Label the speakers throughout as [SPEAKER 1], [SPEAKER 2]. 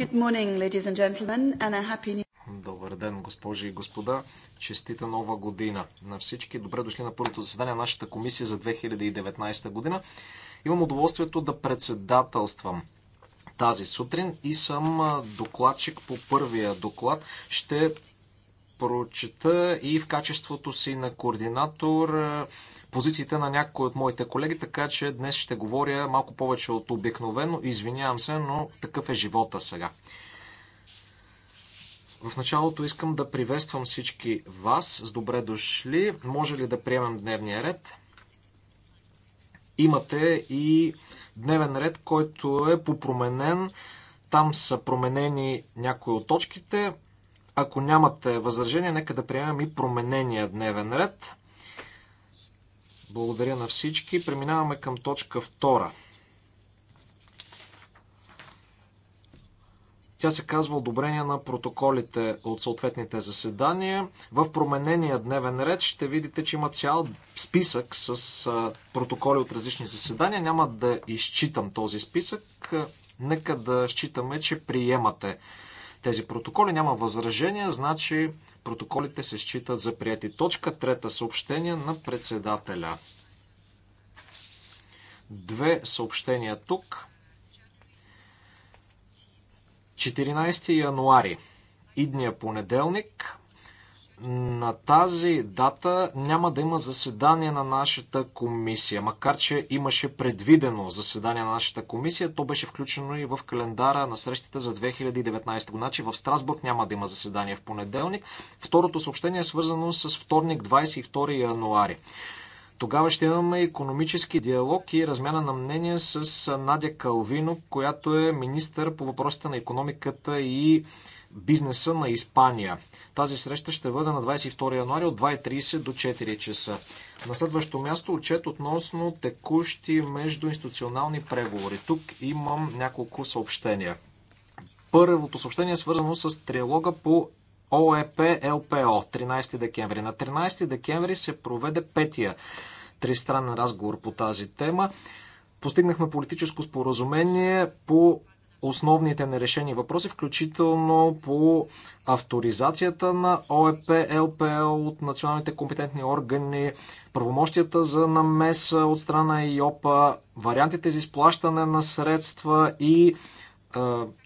[SPEAKER 1] Good morning, ladies and gentlemen, and a happy new...
[SPEAKER 2] Добър ден, госпожи и господа. Честита нова година на всички. Добре дошли на първото заседание на нашата комисия за 2019 година. Имам удоволствието да председателствам тази сутрин и съм докладчик по първия доклад. Ще прочета и в качеството си на координатор е, позициите на някои от моите колеги, така че днес ще говоря малко повече от обикновено. Извинявам се, но такъв е живота сега. В началото искам да приветствам всички вас. С добре дошли. Може ли да приемем дневния ред? Имате и дневен ред, който е попроменен. Там са променени някои от точките. Ако нямате възражение, нека да приемем и променения дневен ред. Благодаря на всички. Преминаваме към точка 2. Тя се казва одобрение на протоколите от съответните заседания. В променения дневен ред ще видите, че има цял списък с протоколи от различни заседания. Няма да изчитам този списък. Нека да считаме, че приемате тези протоколи. Няма възражения, значи протоколите се считат за прияти. Точка трета съобщение на председателя. Две съобщения тук. 14 януари, идния понеделник, на тази дата няма да има заседание на нашата комисия, макар че имаше предвидено заседание на нашата комисия. То беше включено и в календара на срещите за 2019 година, че в Страсбург няма да има заседание в понеделник. Второто съобщение е свързано с вторник 22 януари. Тогава ще имаме економически диалог и размяна на мнение с Надя Калвино, която е министър по въпросите на економиката и бизнеса на Испания. Тази среща ще бъде на 22 януари от 2.30 до 4 часа. На следващо място отчет относно текущи междуинституционални преговори. Тук имам няколко съобщения. Първото съобщение е свързано с трилога по ОЕП ЛПО 13 декември. На 13 декември се проведе петия тристранен разговор по тази тема. Постигнахме политическо споразумение по основните нерешени въпроси, включително по авторизацията на ОЕП, ЛПЛ от националните компетентни органи, правомощията за намеса от страна ИОПА, вариантите за изплащане на средства и е,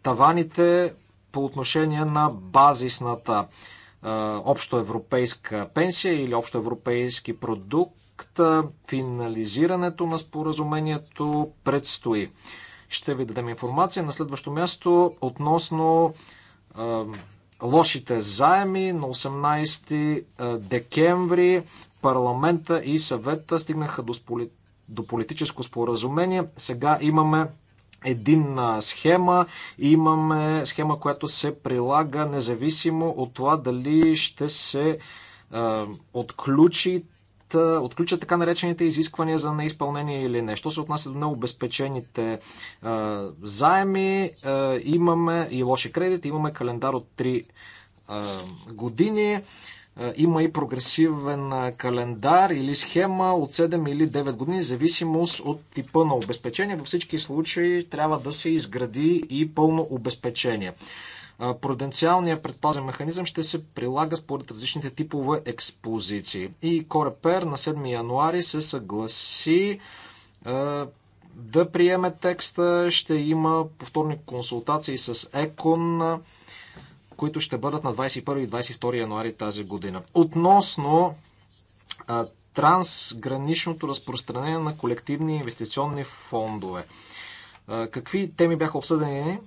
[SPEAKER 2] таваните по отношение на базисната е, общоевропейска пенсия или общоевропейски продукт. Финализирането на споразумението предстои ще ви дадем информация. На следващо място относно лошите заеми на 18 декември парламента и съвета стигнаха до, сполит... до политическо споразумение. Сега имаме единна схема. Имаме схема, която се прилага независимо от това дали ще се е, отключи отключат така наречените изисквания за неизпълнение или не. Що се отнася до необезпечените а, заеми, а, имаме и лоши кредити, имаме календар от 3 а, години. Има и прогресивен календар или схема от 7 или 9 години, зависимост от типа на обезпечение. Във всички случаи трябва да се изгради и пълно обезпечение. Пруденциалният предпазен механизъм ще се прилага според различните типове експозиции. И Корепер на 7 януари се съгласи да приеме текста. Ще има повторни консултации с ЕКОН, които ще бъдат на 21 и 22 януари тази година. Относно трансграничното разпространение на колективни инвестиционни фондове. какви теми бяха обсъдени?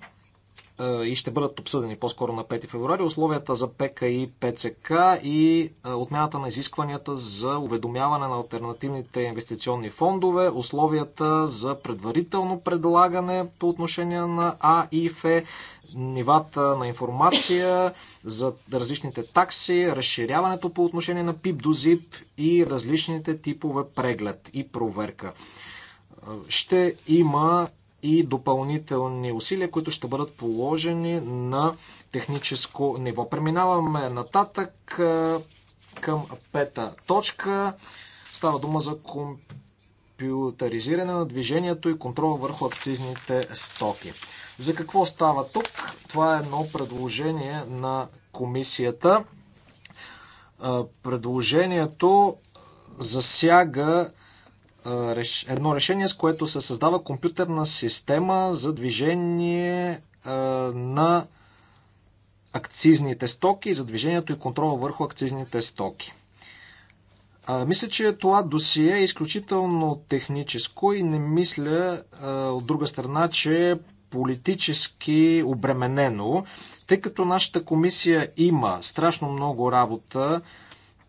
[SPEAKER 2] Е, и ще бъдат обсъдени по-скоро на 5 февруари, условията за ПК и ПЦК и е, отмяната на изискванията за уведомяване на альтернативните инвестиционни фондове, условията за предварително предлагане по отношение на А и Ф, нивата на информация за различните такси, разширяването по отношение на ПИП до ЗИП и различните типове преглед и проверка. Е, ще има и допълнителни усилия, които ще бъдат положени на техническо ниво. Преминаваме нататък към пета точка. Става дума за компютъризиране на движението и контрол върху акцизните стоки. За какво става тук? Това е едно предложение на комисията. Предложението засяга едно решение, с което се създава компютърна система за движение на акцизните стоки, за движението и контрола върху акцизните стоки. Мисля, че това досие е изключително техническо и не мисля от друга страна, че е политически обременено, тъй като нашата комисия има страшно много работа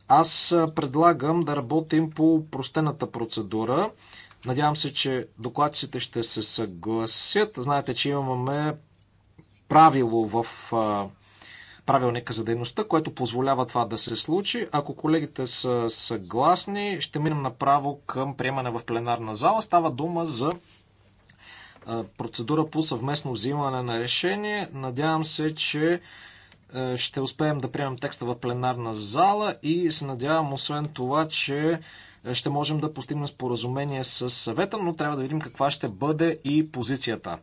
[SPEAKER 2] аз предлагам да работим по простената процедура. Надявам се, че докладците ще се съгласят. Знаете, че имаме правило в правилника за дейността, което позволява това да се случи. Ако колегите са съгласни, ще минем направо към приемане в пленарна зала. Става дума за процедура по съвместно взимане на решение. Надявам се, че е, ще успеем да приемем текста в пленарна зала и се надявам, освен това, че е, ще можем да постигнем споразумение с съвета, но трябва да видим каква ще бъде и позицията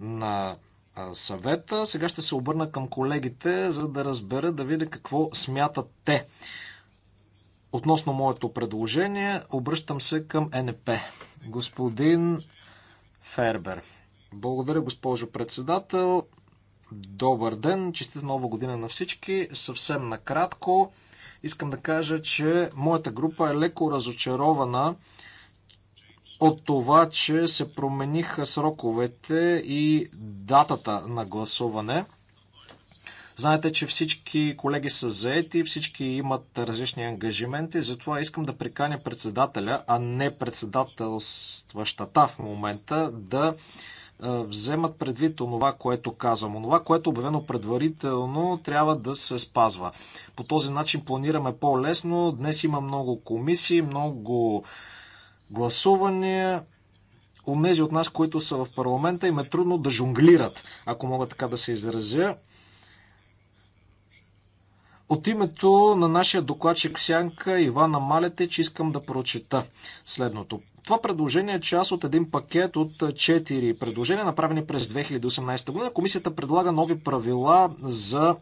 [SPEAKER 2] на е, съвета. Сега ще се обърна към колегите, за да разбера, да видя какво смятат те. Относно моето предложение, обръщам се към НП. Господин Фербер. Благодаря, госпожо председател. Добър ден, честита нова година на всички. Съвсем накратко искам да кажа, че моята група е леко разочарована от това, че се промениха сроковете и датата на гласуване. Знаете, че всички колеги са заети, всички имат различни ангажименти, затова искам да приканя председателя, а не председателстващата в момента, да вземат предвид онова, което казвам. Онова, което е обявено предварително, трябва да се спазва. По този начин планираме по-лесно. Днес има много комисии, много гласувания. Унези от нас, които са в парламента, им е трудно да жонглират, ако мога така да се изразя. От името на нашия докладчик Сянка Ивана Малетеч искам да прочета следното. Това предложение е част от един пакет от четири предложения, направени през 2018 година. Комисията предлага нови правила за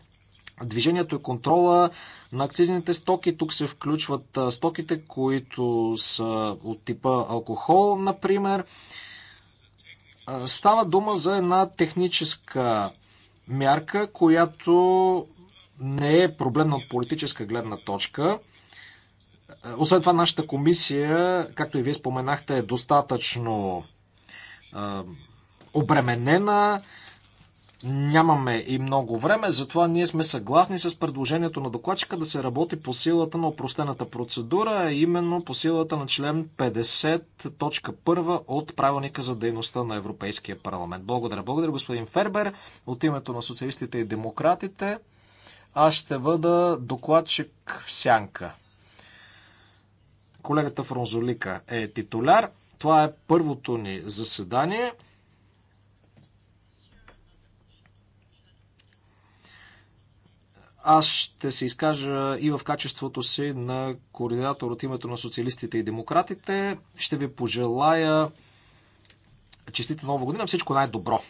[SPEAKER 2] движението и контрола на акцизните стоки. Тук се включват стоките, които са от типа алкохол, например. Става дума за една техническа мярка, която не е проблемна от политическа гледна точка. Е, освен това, нашата комисия, както и вие споменахте, е достатъчно обременена. Нямаме и много време, затова ние сме съгласни с предложението на докладчика да се работи по силата на опростената процедура, именно по силата на член 50.1 от правилника за дейността на Европейския парламент. Благодаря. Благодаря, господин Фербер. От името на социалистите и демократите аз ще бъда докладчик в сянка. Колегата Фронзолика е титуляр. Това е първото ни заседание. Аз ще се изкажа и в качеството си на координатор от името на социалистите и демократите. Ще ви пожелая честите нова година, всичко най-добро.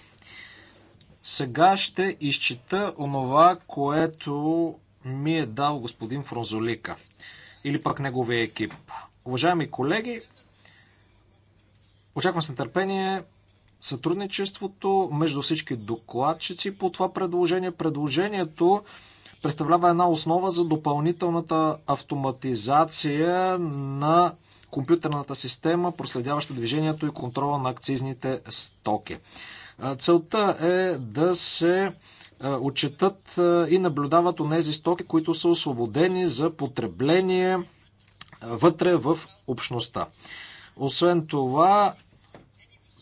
[SPEAKER 2] Сега ще изчита онова, което ми е дал господин Фронзолика или пък неговия екип. Уважаеми колеги, очаквам с нетърпение сътрудничеството между всички докладчици по това предложение. Предложението представлява една основа за допълнителната автоматизация на компютърната система, проследяваща движението и контрола на акцизните стоки. Целта е да се отчетат и наблюдават тези стоки, които са освободени за потребление вътре в общността. Освен това,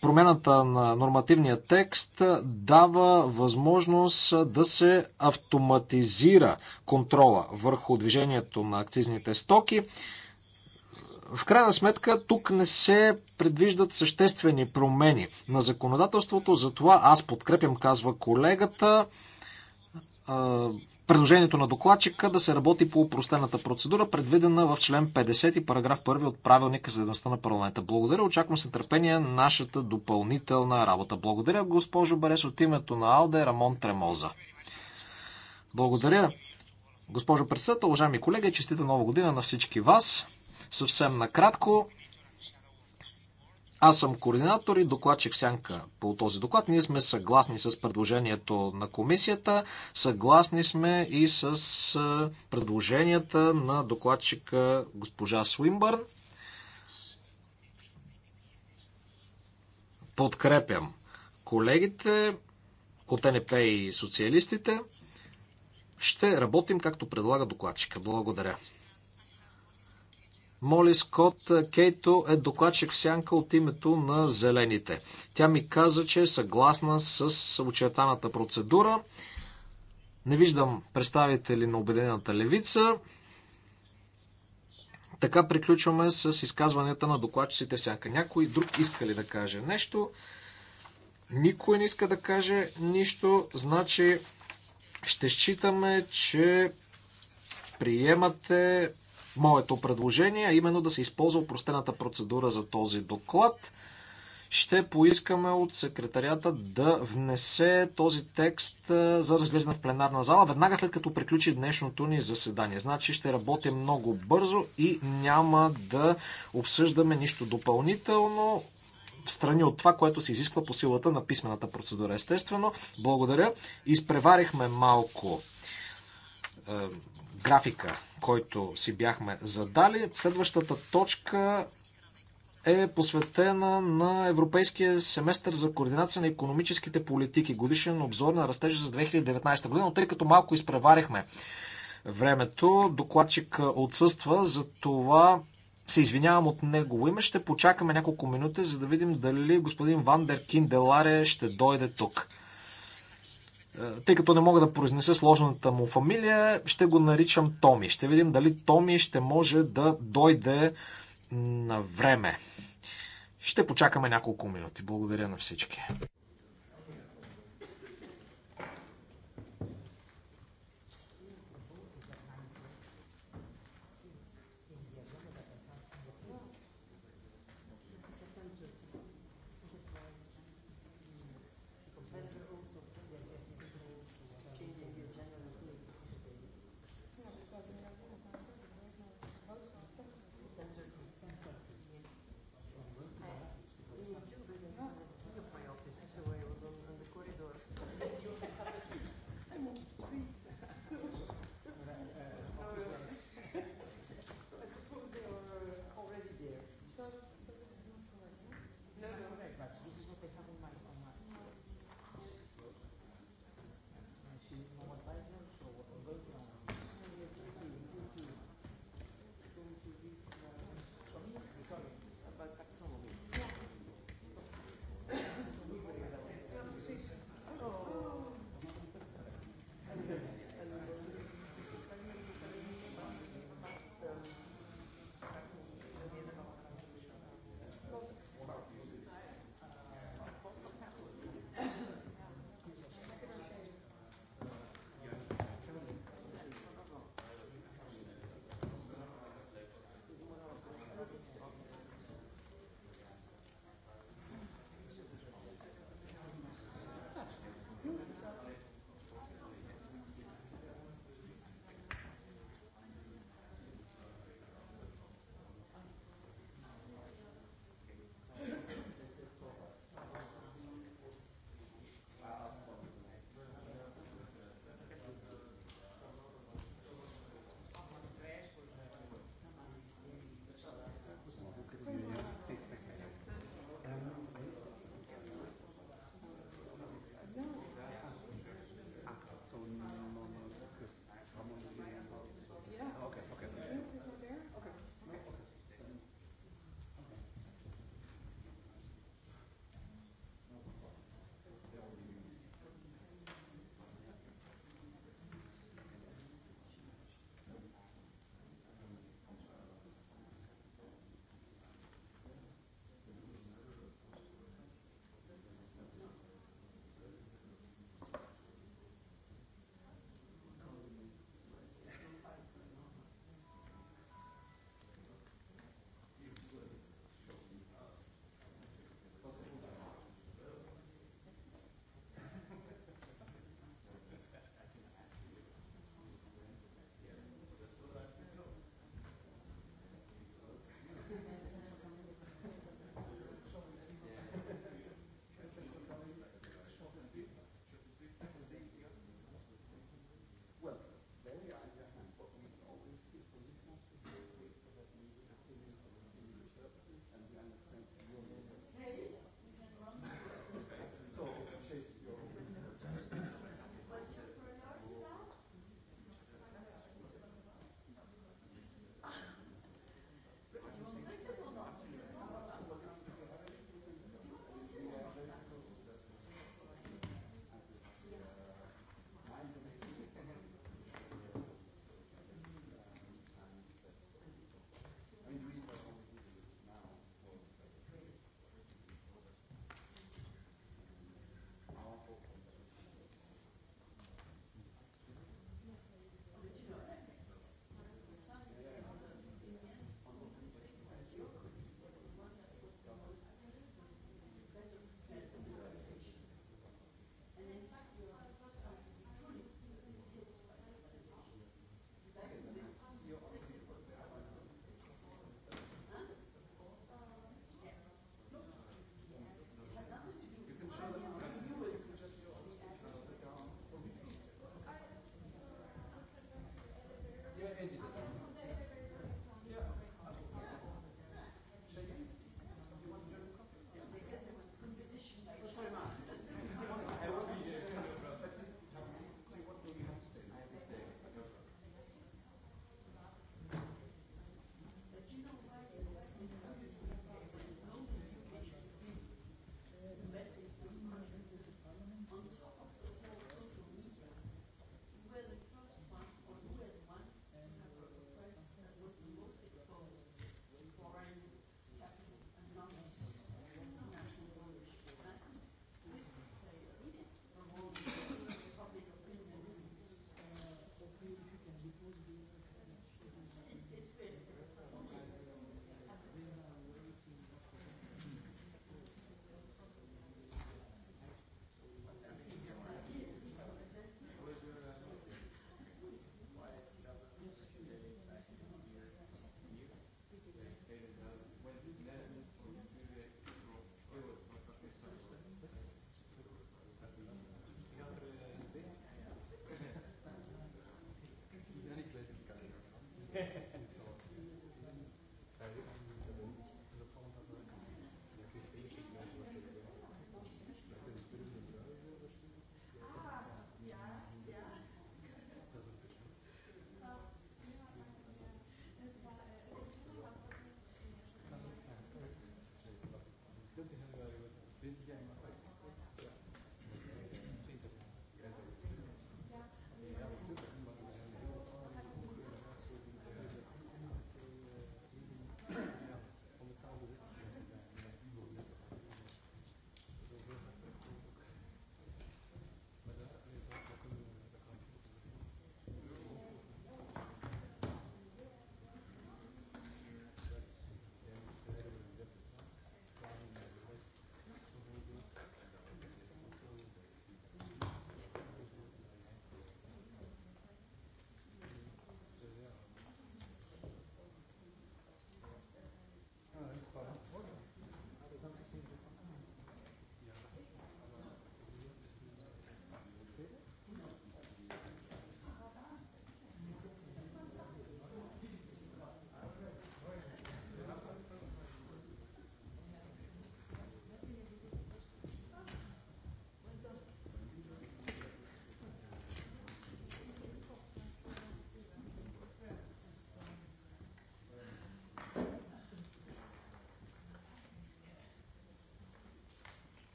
[SPEAKER 2] промената на нормативния текст дава възможност да се автоматизира контрола върху движението на акцизните стоки. В крайна сметка, тук не се предвиждат съществени промени на законодателството, затова аз подкрепям, казва колегата, предложението на докладчика да се работи по упростената процедура, предвидена в член 50 и параграф 1 от правилника за едността на парламента. Благодаря, очаквам с нетърпение нашата допълнителна работа. Благодаря, госпожо Берес, от името на Алде Рамон Тремоза. Благодаря, госпожо председател, уважаеми колеги, честита нова година на всички вас. Съвсем накратко, аз съм координатор и докладчик Сянка по този доклад. Ние сме съгласни с предложението на комисията, съгласни сме и с предложенията на докладчика госпожа Свинбърн. Подкрепям колегите от НП и социалистите. Ще работим както предлага докладчика. Благодаря. Моли Скот Кейто е докладчик в сянка от името на Зелените. Тя ми каза, че е съгласна с очертаната процедура. Не виждам представители на Обединената левица. Така приключваме с изказванията на докладчиците в сянка. Някой друг иска ли да каже нещо? Никой не иска да каже нищо. Значи ще считаме, че приемате моето предложение, а именно да се използва простената процедура за този доклад. Ще поискаме от секретарията да внесе този текст за разглеждане в пленарна зала, веднага след като приключи днешното ни заседание. Значи ще работим много бързо и няма да обсъждаме нищо допълнително страни от това, което се изисква по силата на писмената процедура. Естествено, благодаря. Изпреварихме малко е, графика, който си бяхме задали. Следващата точка е посветена на Европейския семестър за координация на економическите политики. Годишен обзор на растежа за 2019 година, но тъй като малко изпреварихме времето, докладчик отсъства, за това се извинявам от негово име. Ще почакаме няколко минути, за да видим дали господин Вандер Кинделаре ще дойде тук тъй като не мога да произнеса сложната му фамилия, ще го наричам Томи. Ще видим дали Томи ще може да дойде на време. Ще почакаме няколко минути. Благодаря на всички.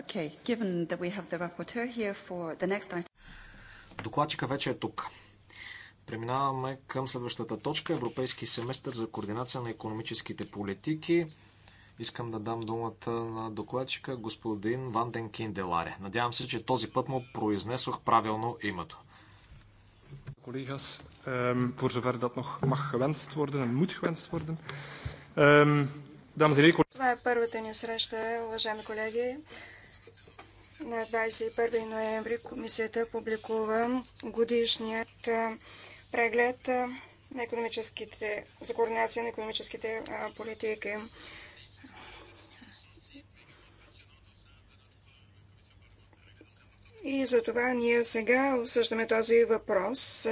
[SPEAKER 1] Okay, given that we have the rapporteur here for the next item.
[SPEAKER 2] Докладчика вече е тук. Преминаваме към следващата точка Европейски семестър за координация на економическите политики. Искам да дам думата на докладчика господин Ванден Кинделаре. Надявам се, че този път му произнесох правилно името. Колегас, voor zover dat nog mag gewenst worden en moet gewenst worden. Dames en heren,
[SPEAKER 1] това е първата ни среща, уважаеми колеги. На 21 ноември комисията публикува годишният преглед на економическите, за координация на економическите политики. И за това ние сега обсъждаме този въпрос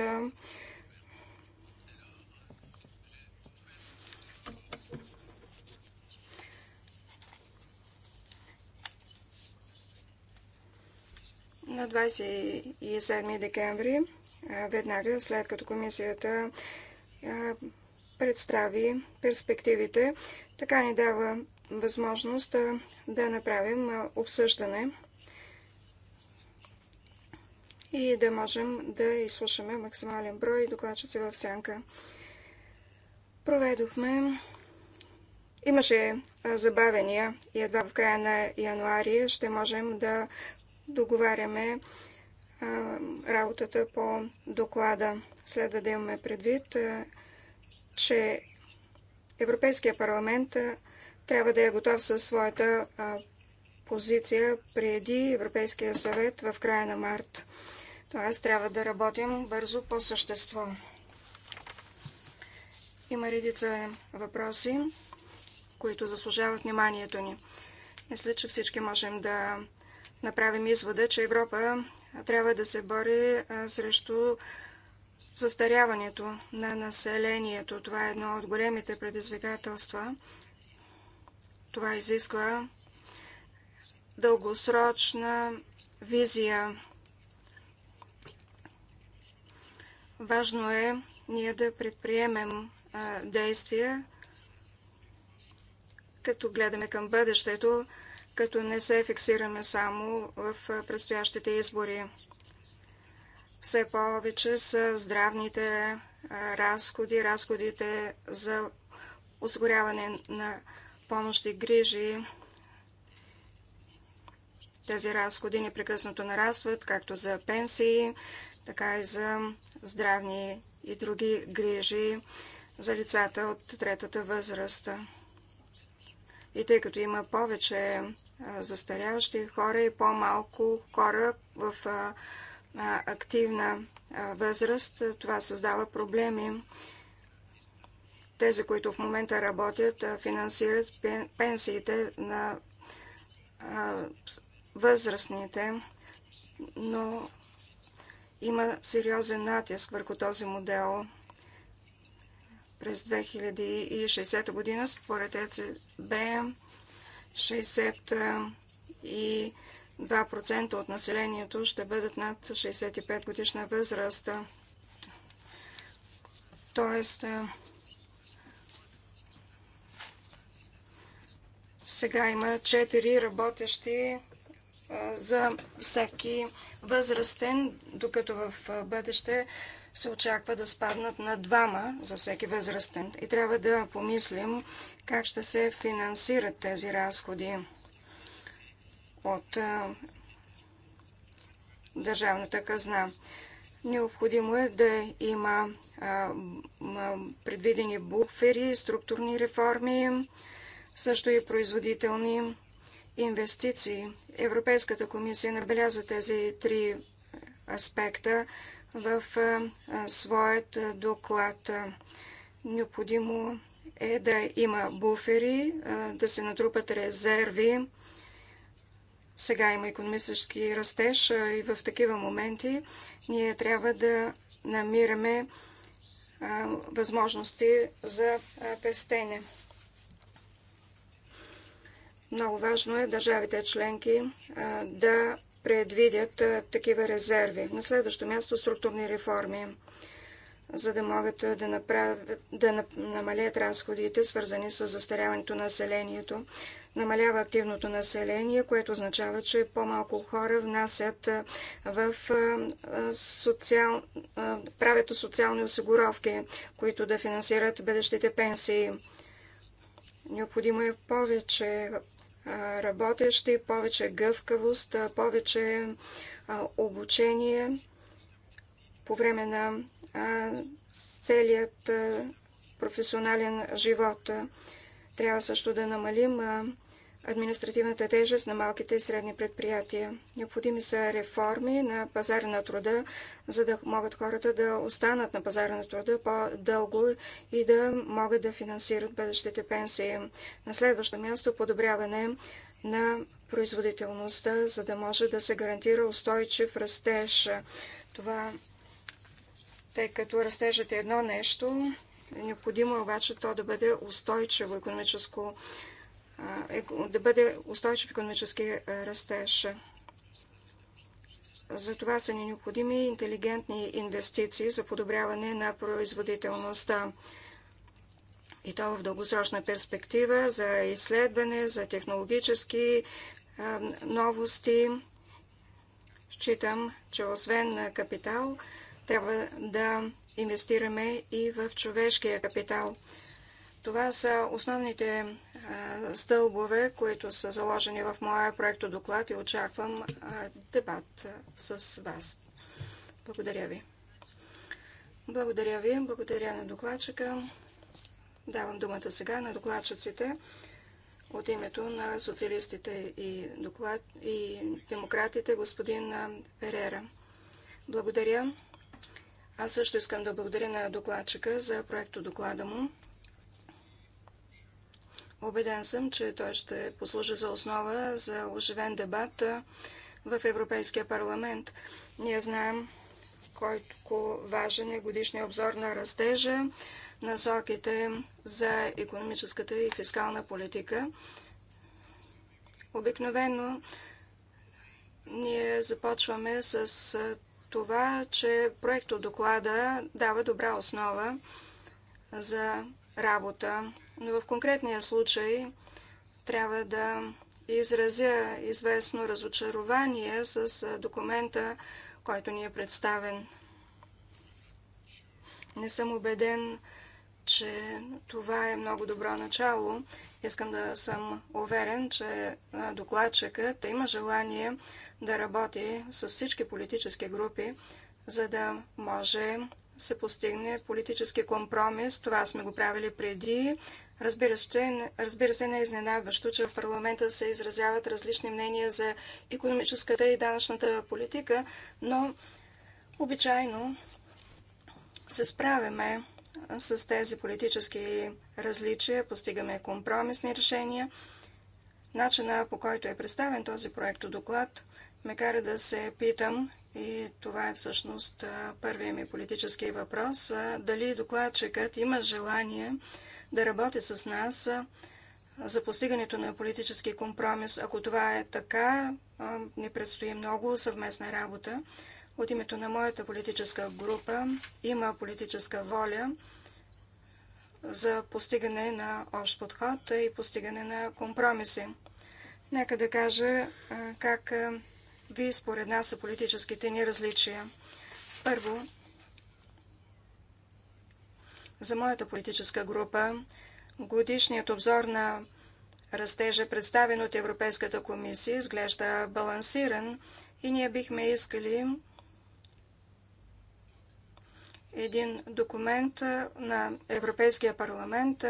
[SPEAKER 1] 27 декември, веднага след като комисията представи перспективите. Така ни дава възможност да направим обсъждане и да можем да изслушаме максимален брой докладчици в сянка. Проведохме. Имаше забавения и едва в края на януари ще можем да договаряме работата по доклада. Следва да имаме предвид, че Европейския парламент трябва да е готов със своята позиция преди Европейския съвет в края на март. Тоест трябва да работим бързо по същество. Има редица въпроси, които заслужават вниманието ни. Мисля, че всички можем да направим извода, че Европа трябва да се бори срещу застаряването на населението. Това е едно от големите предизвикателства. Това изисква дългосрочна визия. Важно е ние да предприемем действия, като гледаме към бъдещето, като не се фиксираме само в предстоящите избори. Все повече са здравните разходи, разходите за осигуряване на помощи и грижи. Тези разходи непрекъснато нарастват, както за пенсии, така и за здравни и други грижи за лицата от третата възраст. И тъй като има повече застаряващи хора и по-малко хора в активна възраст, това създава проблеми. Тези, които в момента работят, финансират пенсиите на възрастните, но има сериозен натиск върху този модел – през 2060 година според ЕЦБ 62% от населението ще бъдат над 65 годишна възраст. Тоест, сега има 4 работещи за всеки възрастен, докато в бъдеще се очаква да спаднат на двама за всеки възрастен. И трябва да помислим как ще се финансират тези разходи от държавната казна. Необходимо е да има предвидени буфери, структурни реформи, също и производителни инвестиции. Европейската комисия набеляза тези три аспекта в своят доклад. Необходимо е да има буфери, да се натрупат резерви. Сега има економически растеж и в такива моменти ние трябва да намираме възможности за пестене. Много важно е държавите членки да предвидят такива резерви. На следващо място структурни реформи, за да могат да, направят, да намалят разходите, свързани с застаряването на населението. Намалява активното население, което означава, че по-малко хора внасят в социал... правят социални осигуровки, които да финансират бъдещите пенсии. Необходимо е повече работещи, повече гъвкавост, повече обучение по време на целият професионален живот. Трябва също да намалим административната тежест на малките и средни предприятия. Необходими са реформи на пазара на труда, за да могат хората да останат на пазара на труда по-дълго и да могат да финансират бъдещите пенсии. На следващо място подобряване на производителността, за да може да се гарантира устойчив растеж. Това, тъй като растежът е едно нещо, необходимо е обаче то да бъде устойчиво економическо е, да бъде устойчив економически растеж. За това са ни необходими интелигентни инвестиции за подобряване на производителността. И то в дългосрочна перспектива за изследване, за технологически новости. Считам, че освен на капитал, трябва да инвестираме и в човешкия капитал – това са основните стълбове, които са заложени в моя проектодоклад и очаквам дебат с вас. Благодаря ви. Благодаря ви. Благодаря на докладчика. Давам думата сега на докладчиците от името на социалистите и, доклад... и демократите, господин Перера. Благодаря. Аз също искам да благодаря на докладчика за проекто доклада му. Обеден съм, че той ще послужи за основа за оживен дебат в Европейския парламент. Ние знаем който важен е годишния обзор на растежа, насоките за економическата и фискална политика. Обикновено ние започваме с това, че проектодоклада доклада дава добра основа за работа, но в конкретния случай трябва да изразя известно разочарование с документа, който ни е представен. Не съм убеден, че това е много добро начало. Искам да съм уверен, че докладчикът има желание да работи с всички политически групи, за да може се постигне политически компромис. Това сме го правили преди. Разбира се, разбира се, не е изненадващо, че в парламента се изразяват различни мнения за економическата и данъчната политика, но обичайно се справяме с тези политически различия, постигаме компромисни решения. Начина по който е представен този проект доклад ме кара да се питам, и това е всъщност първият ми политически въпрос, дали докладчикът има желание да работи с нас за постигането на политически компромис. Ако това е така, ни предстои много съвместна работа. От името на моята политическа група има политическа воля за постигане на общ подход и постигане на компромиси. Нека да кажа как ви според нас са политическите ни различия. Първо, за моята политическа група годишният обзор на растежа, представен от Европейската комисия, изглежда балансиран и ние бихме искали един документ на Европейския парламент,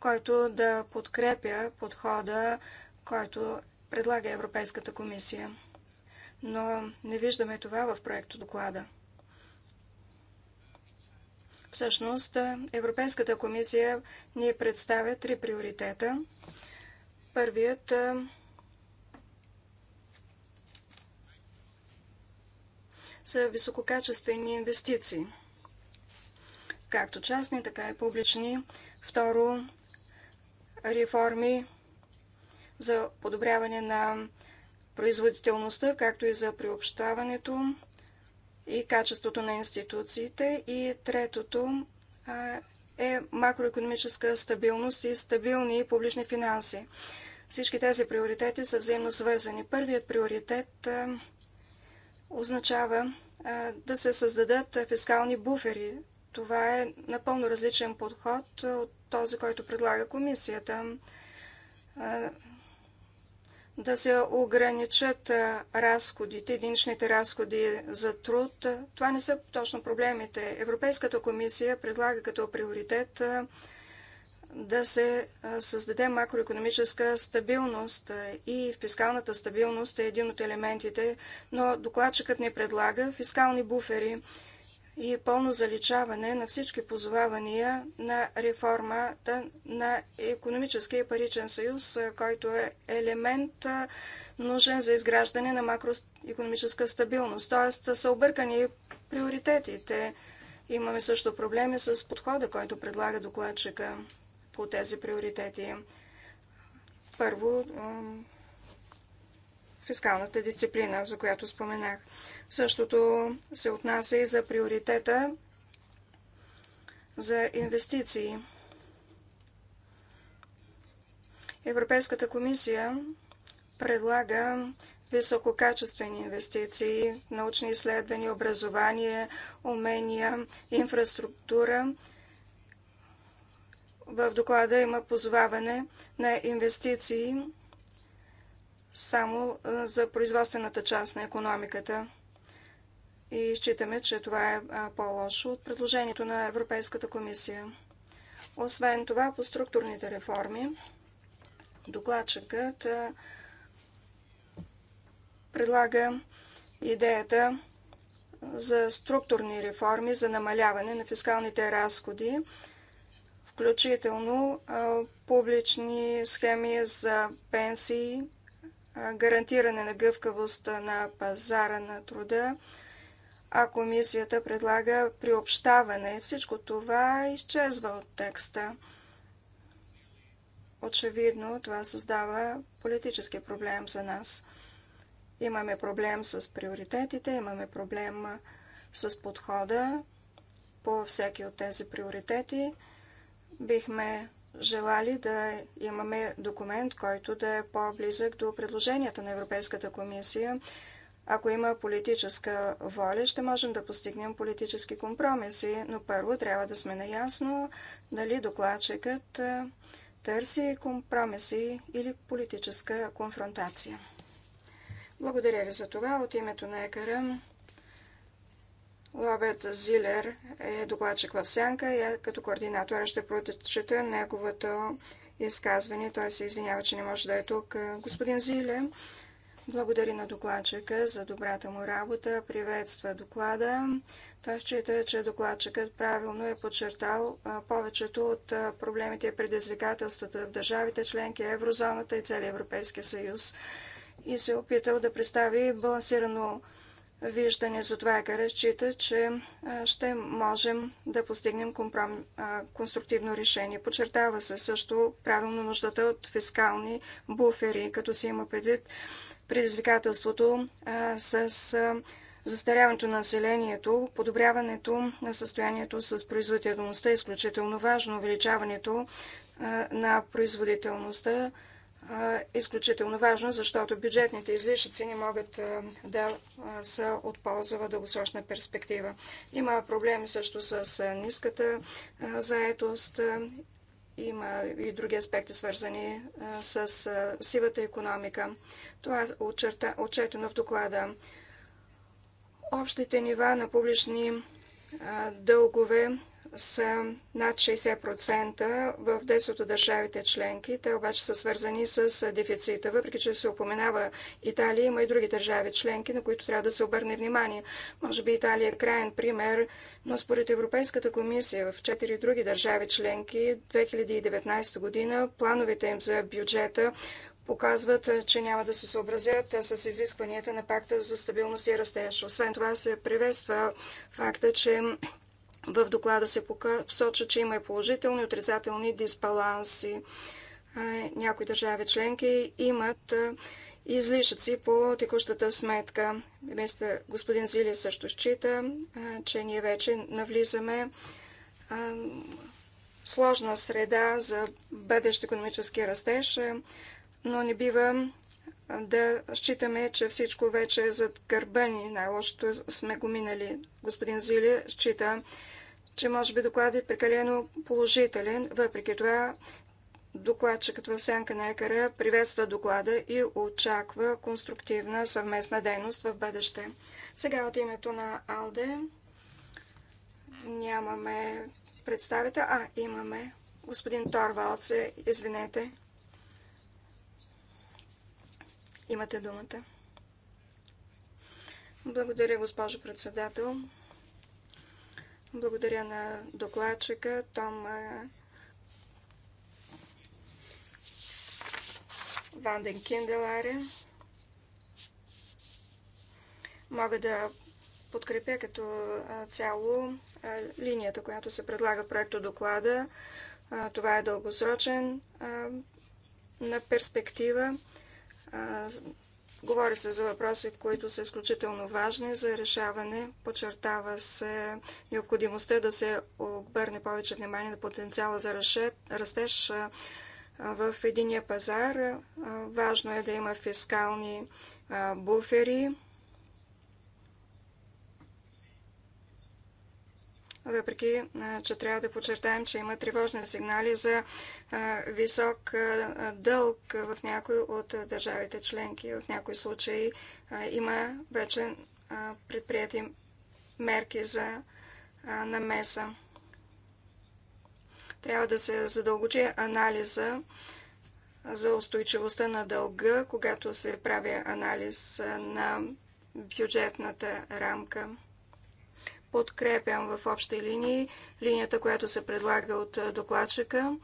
[SPEAKER 1] който да подкрепя подхода, който предлага Европейската комисия но не виждаме това в проекто доклада. Всъщност, Европейската комисия ни представя три приоритета. Първият е, са висококачествени инвестиции, както частни, така и публични. Второ, реформи за подобряване на производителността, както и за приобщаването и качеството на институциите. И третото е макроекономическа стабилност и стабилни публични финанси. Всички тези приоритети са взаимно свързани. Първият приоритет означава да се създадат фискални буфери. Това е напълно различен подход от този, който предлага комисията да се ограничат разходите, единичните разходи за труд. Това не са точно проблемите. Европейската комисия предлага като приоритет да се създаде макроекономическа стабилност и фискалната стабилност е един от елементите, но докладчикът не предлага фискални буфери и пълно заличаване на всички позовавания на реформата на економическия и паричен съюз, който е елемент нужен за изграждане на макроекономическа стабилност. Тоест са объркани приоритетите. Имаме също проблеми с подхода, който предлага докладчика по тези приоритети. Първо, фискалната дисциплина, за която споменах. Същото се отнася и за приоритета за инвестиции. Европейската комисия предлага висококачествени инвестиции, научни изследвания, образование, умения, инфраструктура. В доклада има позоваване на инвестиции само за производствената част на економиката и считаме, че това е по-лошо от предложението на Европейската комисия. Освен това, по структурните реформи, докладчикът предлага идеята за структурни реформи, за намаляване на фискалните разходи, включително публични схеми за пенсии, гарантиране на гъвкавост на пазара на труда, а комисията предлага приобщаване. Всичко това изчезва от текста. Очевидно, това създава политически проблем за нас. Имаме проблем с приоритетите, имаме проблем с подхода по всеки от тези приоритети. Бихме желали да имаме документ, който да е по-близък до предложенията на Европейската комисия ако има политическа воля, ще можем да постигнем политически компромиси, но първо трябва да сме наясно дали докладчикът е, търси компромиси или политическа конфронтация. Благодаря ви за това. От името на Екара. Лобет Зилер е докладчик в Сянка и като координатора ще прочета неговото изказване. Той се извинява, че не може да е тук. Господин Зиле, Благодари на докладчика за добрата му работа, приветства доклада. Той счита, че докладчикът правилно е подчертал повечето от проблемите и предизвикателствата в държавите, членки еврозоната и целия Европейски съюз и се е опитал да представи балансирано виждане за това, ека разчита, че ще можем да постигнем компром... конструктивно решение. Подчертава се също правилно нуждата от фискални буфери, като се има предвид предизвикателството с застаряването на населението, подобряването на състоянието с производителността е изключително важно. Увеличаването на производителността е изключително важно, защото бюджетните излишъци не могат да са от полза в дългосрочна перспектива. Има проблеми също с ниската заетост. Има и други аспекти, свързани с сивата економика. Това е отчетено в доклада. Общите нива на публични дългове са над 60% в 10 от държавите членки. Те обаче са свързани с дефицита. Въпреки, че се упоменава Италия, има и други държави членки, на които трябва да се обърне внимание. Може би Италия е крайен пример, но според Европейската комисия в 4 други държави членки 2019 година плановете им за бюджета показват, е, че няма да се съобразят е, с изискванията на пакта за стабилност и растеж. Освен това се приветства факта, че в доклада се посочва, че има и положителни и отрицателни дисбаланси. Е, някои държави членки имат излишъци по текущата сметка. Вместо господин Зили също счита, че ние вече навлизаме сложна среда за бъдещ економически растеж но не бива да считаме, че всичко вече е зад гърба ни. Най-лошото е, сме го минали. Господин Зили счита, че може би докладът е прекалено положителен. Въпреки това, докладчикът в сянка на екара приветства доклада и очаква конструктивна съвместна дейност в бъдеще. Сега от името на Алде нямаме представител. А, имаме. Господин Торвалце, извинете. Имате думата. Благодаря, госпожо председател. Благодаря на докладчика Том Ванден Кинделаре. Мога да подкрепя като цяло линията, която се предлага в проекто доклада. Това е дългосрочен на перспектива. Говори се за въпроси, които са изключително важни за решаване. Почертава се необходимостта да се обърне повече внимание на потенциала за растеж в единия пазар. Важно е да има фискални буфери, въпреки че трябва да подчертаем, че има тревожни сигнали за висок дълг в някои от държавите членки. В някои случаи има вече предприяти мерки за намеса. Трябва да се задълбочи анализа за устойчивостта на дълга, когато се прави анализ на бюджетната рамка. Подкрепям в общи линии линията, която се предлага от докладчика.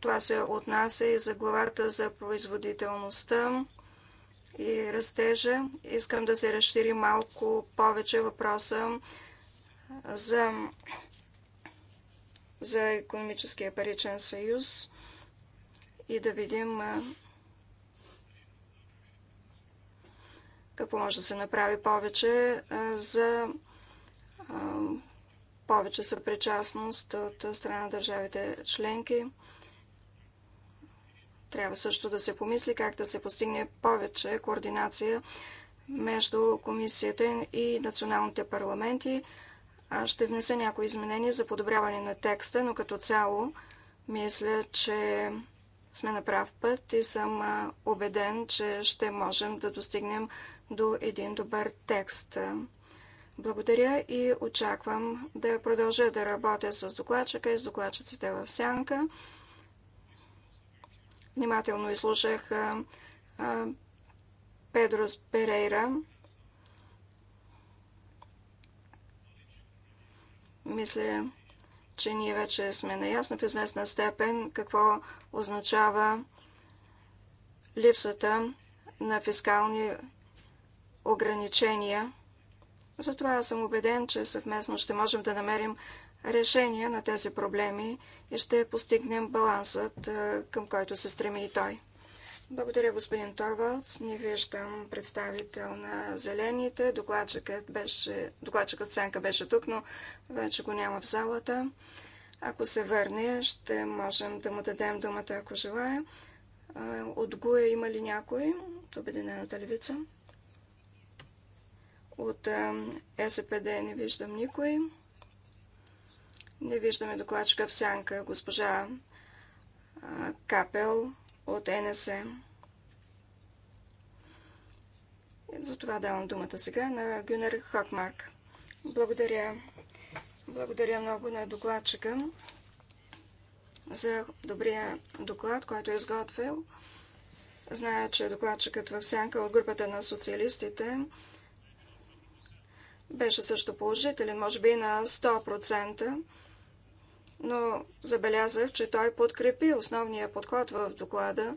[SPEAKER 1] Това се отнася и за главата за производителността и растежа. Искам да се разшири малко повече въпроса за, за економическия паричен съюз и да видим какво може да се направи повече за повече съпричастност от страна на държавите членки. Трябва също да се помисли как да се постигне повече координация между комисията и националните парламенти. Аз ще внеса някои изменения за подобряване на текста, но като цяло мисля, че сме на прав път и съм убеден, че ще можем да достигнем до един добър текст. Благодаря и очаквам да продължа да работя с докладчика и с докладчиците в сянка. Внимателно изслушах Педрос Перейра. Мисля, че ние вече сме наясно в известна степен какво означава липсата на фискални ограничения затова аз съм убеден, че съвместно ще можем да намерим решение на тези проблеми и ще постигнем балансът, към който се стреми и той. Благодаря, господин Торвалдс. Не виждам представител на Зелените. Докладчикът, беше, докладчикът Сенка беше тук, но вече го няма в залата. Ако се върне, ще можем да му дадем думата, ако желая. От ГУЕ има ли някой? Обединената левица. От СПД не виждам никой. Не виждаме докладчика в сянка, госпожа Капел от НСМ. Затова давам думата сега на Гюнер Хокмарк. Благодаря. Благодаря много на докладчика за добрия доклад, който е изготвил. Зная, че докладчикът в сянка от групата на социалистите беше също положителен, може би на 100%, но забелязах, че той подкрепи основния подход в доклада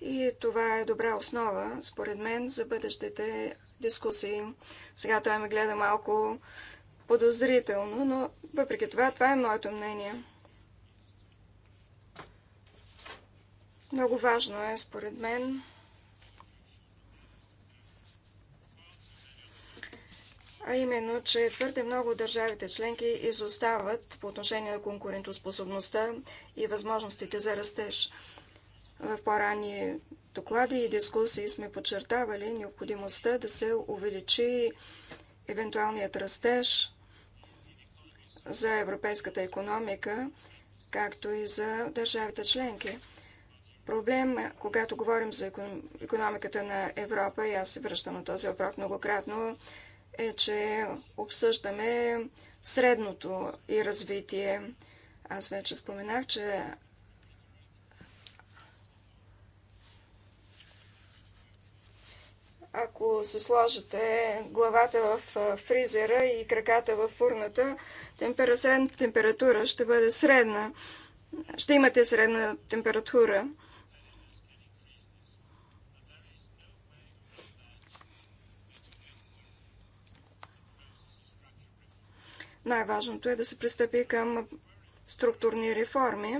[SPEAKER 1] и това е добра основа, според мен, за бъдещите дискусии. Сега той ме гледа малко подозрително, но въпреки това, това е моето мнение. Много важно е, според мен, а именно, че твърде много държавите членки изостават по отношение на конкурентоспособността и възможностите за растеж. В по-ранни доклади и дискусии сме подчертавали необходимостта да се увеличи евентуалният растеж за европейската економика, както и за държавите членки. Проблем, когато говорим за економиката на Европа, и аз се връщам на този въпрос многократно, е, че обсъждаме средното и развитие. Аз вече споменах, че ако се сложите главата в фризера и краката в фурната, температура ще бъде средна. Ще имате средна температура. Най-важното е да се пристъпи към структурни реформи.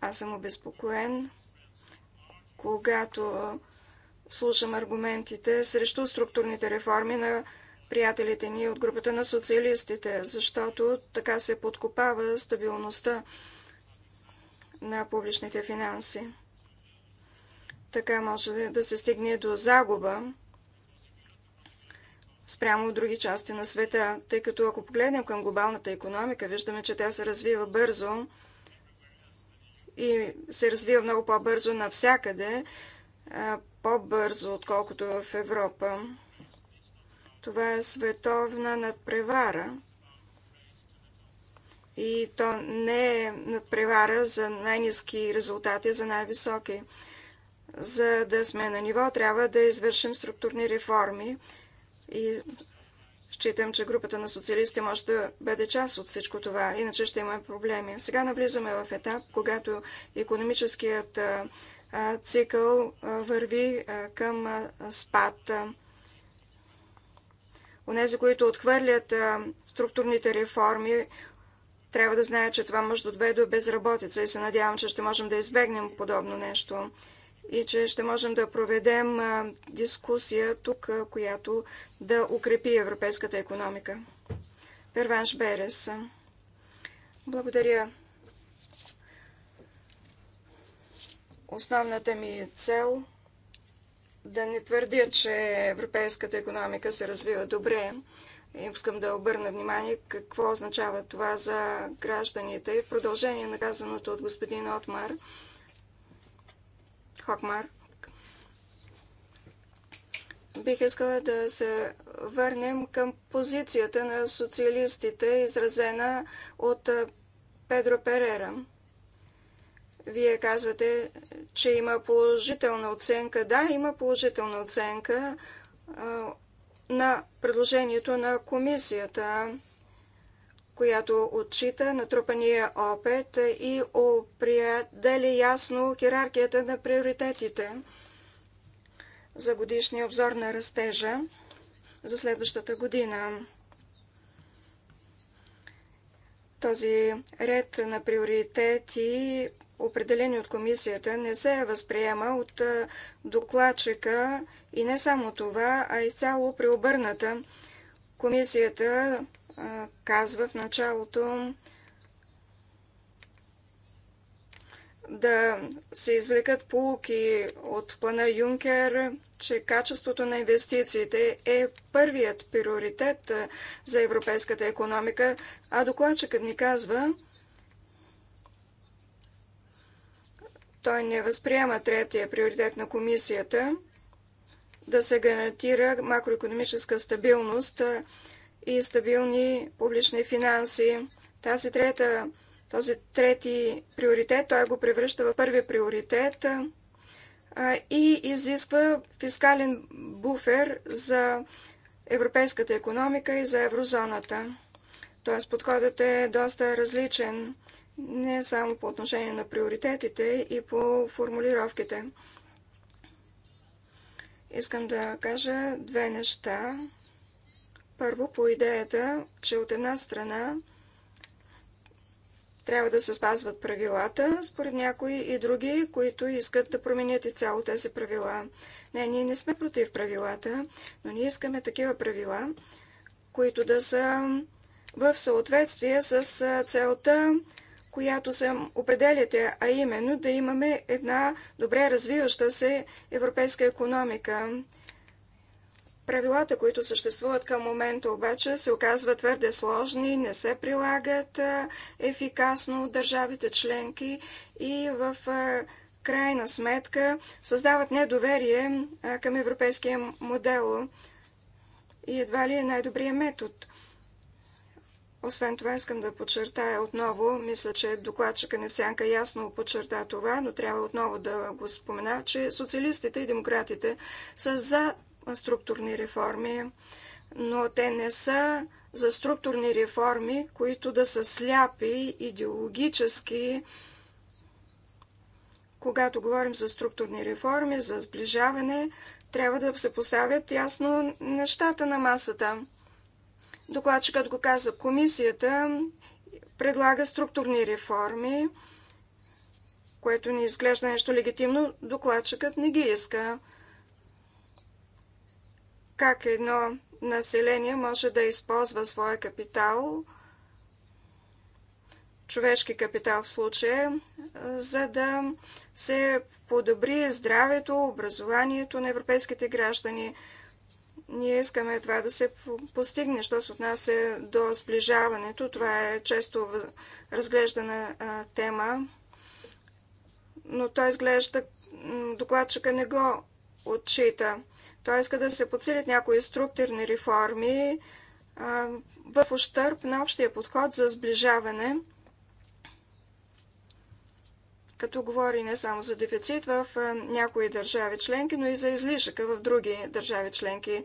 [SPEAKER 1] Аз съм обезпокоен, когато слушам аргументите срещу структурните реформи на приятелите ни от групата на социалистите, защото така се подкопава стабилността на публичните финанси. Така може да се стигне до загуба спрямо от други части на света, тъй като ако погледнем към глобалната економика, виждаме, че тя се развива бързо и се развива много по-бързо навсякъде, по-бързо, отколкото в Европа. Това е световна надпревара. И то не е надпревара за най-низки резултати, за най-високи. За да сме на ниво, трябва да извършим структурни реформи. И считам, че групата на социалисти може да бъде част от всичко това, иначе ще имаме проблеми. Сега навлизаме в етап, когато економическият цикъл върви към спад. Онези, които отхвърлят структурните реформи, трябва да знаят, че това може да доведе до безработица и се надявам, че ще можем да избегнем подобно нещо и че ще можем да проведем дискусия тук, която да укрепи европейската економика. Перванш Берес. Благодаря. Основната ми цел да не твърдя, че европейската економика се развива добре. Искам да обърна внимание какво означава това за гражданите. В продължение на казаното от господин Отмар, Хокмар. Бих искала да се върнем към позицията на социалистите, изразена от Педро Перера. Вие казвате, че има положителна оценка. Да, има положителна оценка на предложението на комисията която отчита натрупания опит и определя ясно хирархията на приоритетите за годишния обзор на растежа за следващата година. Този ред на приоритети, определени от комисията, не се възприема от докладчика и не само това, а изцяло преобърната. Комисията казва в началото да се извлекат полуки от плана Юнкер, че качеството на инвестициите е първият приоритет за европейската економика, а докладчикът ни казва, той не възприема третия приоритет на комисията да се гарантира макроекономическа стабилност и стабилни публични финанси. Тази трета, този трети приоритет, той го превръща в първи приоритет и изисква фискален буфер за европейската економика и за еврозоната. Тоест подходът е доста различен не само по отношение на приоритетите и по формулировките. Искам да кажа две неща първо по идеята, че от една страна трябва да се спазват правилата, според някои и други, които искат да променят изцяло тези правила. Не, ние не сме против правилата, но ние искаме такива правила, които да са в съответствие с целта, която се определяте, а именно да имаме една добре развиваща се европейска економика. Правилата, които съществуват към момента обаче, се оказват твърде сложни, не се прилагат ефикасно от държавите членки и в крайна сметка създават недоверие към европейския модел и едва ли е най-добрият метод. Освен това, искам да подчертая отново, мисля, че докладчика Невсянка ясно подчерта това, но трябва отново да го спомена, че социалистите и демократите са за структурни реформи, но те не са за структурни реформи, които да са сляпи идеологически. Когато говорим за структурни реформи, за сближаване, трябва да се поставят ясно нещата на масата. Докладчикът го каза, комисията предлага структурни реформи, което ни изглежда нещо легитимно, докладчикът не ги иска как едно население може да използва своя капитал, човешки капитал в случая, за да се подобри здравето, образованието на европейските граждани. Ние искаме това да се постигне, що се отнася до сближаването. Това е често разглеждана тема, но той изглежда, докладчика не го отчита. Той иска да се подсилят някои структурни реформи в ущърп на общия подход за сближаване, като говори не само за дефицит в някои държави членки, но и за излишъка в други държави членки.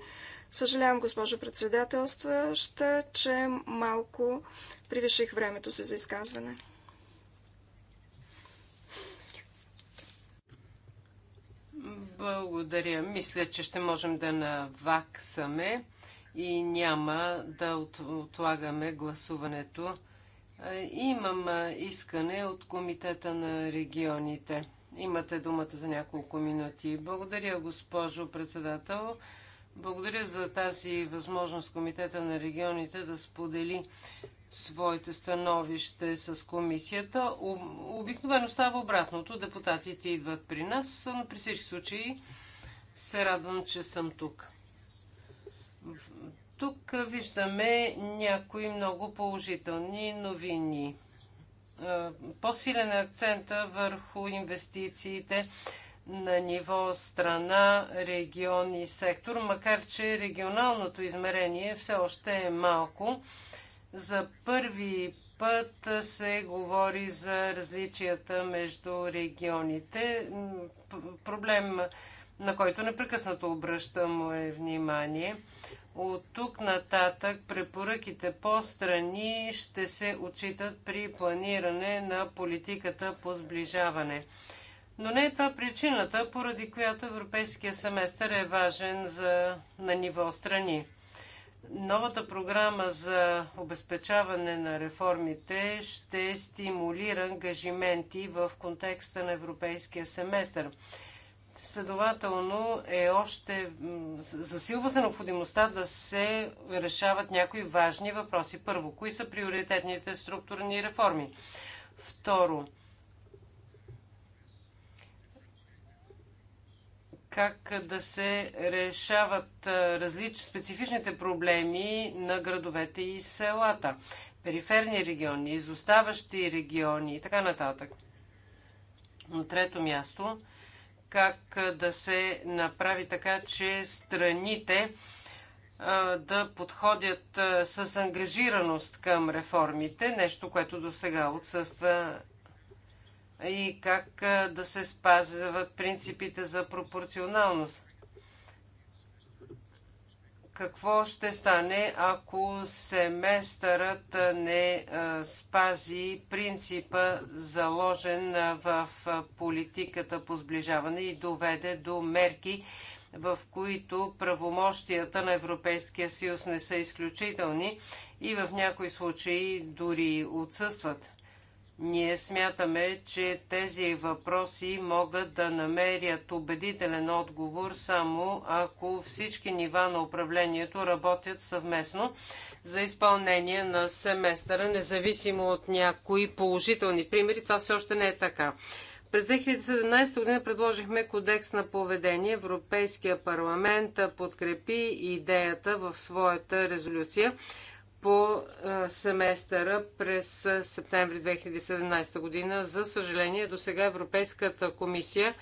[SPEAKER 1] Съжалявам, госпожо председателстваща, че малко превиших времето си за изказване.
[SPEAKER 3] Благодаря. Мисля, че ще можем да наваксаме и няма да отлагаме гласуването. Имам искане от Комитета на регионите. Имате думата за няколко минути. Благодаря, госпожо председател. Благодаря за тази възможност Комитета на регионите да сподели своите становище с комисията. Обикновено става обратното. Депутатите идват при нас, но при всички случаи се радвам, че съм тук. Тук виждаме някои много положителни новини. Е, по-силен е акцента върху инвестициите, на ниво страна, регион и сектор, макар че регионалното измерение все още е малко. За първи път се говори за различията между регионите. Проблем, на който непрекъснато обръщам мое внимание. От тук нататък препоръките по страни ще се отчитат при планиране на политиката по сближаване. Но не е това причината, поради която европейския семестър е важен за, на ниво страни. Новата програма за обезпечаване на реформите ще стимулира ангажименти в контекста на европейския семестър. Следователно е още засилва се необходимостта да се решават някои важни въпроси. Първо, кои са приоритетните структурни реформи? Второ, как да се решават различни, специфичните проблеми на градовете и селата, периферни региони, изоставащи региони и така нататък. На трето място, как да се направи така, че страните да подходят с ангажираност към реформите, нещо, което до сега отсъства и как да се спазват принципите за пропорционалност. Какво ще стане, ако семестърът не спази принципа заложен в политиката по сближаване и доведе до мерки, в които правомощията на Европейския съюз не са изключителни и в някои случаи дори отсъстват? Ние смятаме, че тези въпроси могат да намерят убедителен отговор само ако всички нива на управлението работят съвместно за изпълнение на семестъра, независимо от някои положителни примери. Това все още не е така. През 2017 година предложихме кодекс на поведение. Европейския парламент подкрепи идеята в своята резолюция по е, семестъра през септември 2017 година. За съжаление, до сега Европейската комисия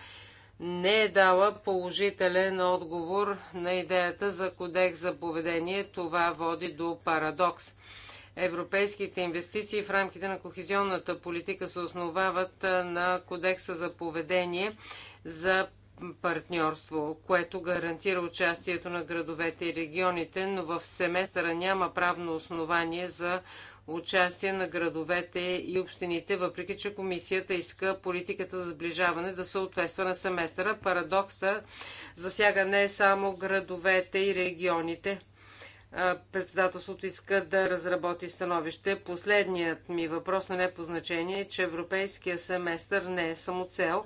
[SPEAKER 3] не е дала положителен отговор на идеята за кодекс за поведение. Това води до парадокс. Европейските инвестиции в рамките на кохезионната политика се основават е, на кодекса за поведение за партньорство, което гарантира участието на градовете и регионите, но в семестъра няма правно основание за участие на градовете и общините, въпреки че комисията иска политиката за сближаване да съответства на семестъра. Парадокса засяга не само градовете и регионите. Председателството иска да разработи становище. Последният ми въпрос, но не по значение, е, че европейския семестър не е самоцел. цел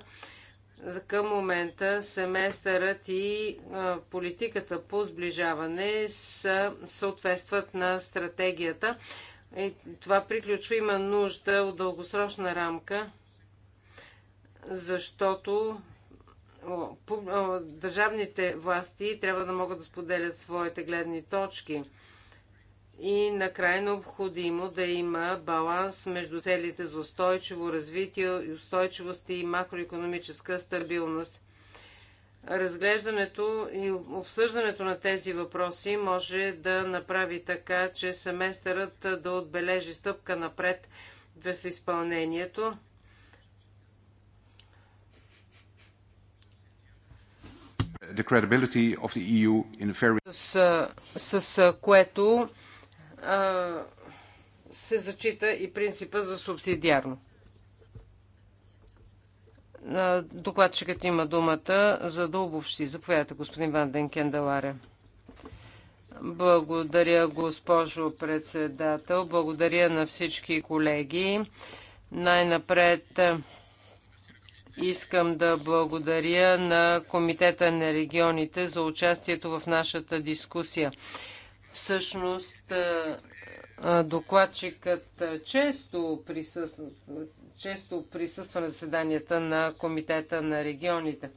[SPEAKER 3] към момента семестърът и политиката по сближаване са, съответстват на стратегията. И това приключва. Има нужда от дългосрочна рамка, защото държавните власти трябва да могат да споделят своите гледни точки. И накрая е необходимо да има баланс между целите за устойчиво развитие и устойчивост и макроекономическа стабилност. Разглеждането и обсъждането на тези въпроси може да направи така, че семестърът да отбележи стъпка напред в изпълнението.
[SPEAKER 1] The credibility of the EU in
[SPEAKER 3] с, с което се зачита и принципа за субсидиарно. Докладчикът има думата за да обобщи. Заповядайте, господин Ван Кендаларе. Благодаря, госпожо председател. Благодаря на всички колеги. Най-напред искам да благодаря на Комитета на регионите за участието в нашата дискусия. Всъщност, докладчикът често присъства, често присъства на заседанията на Комитета на регионите.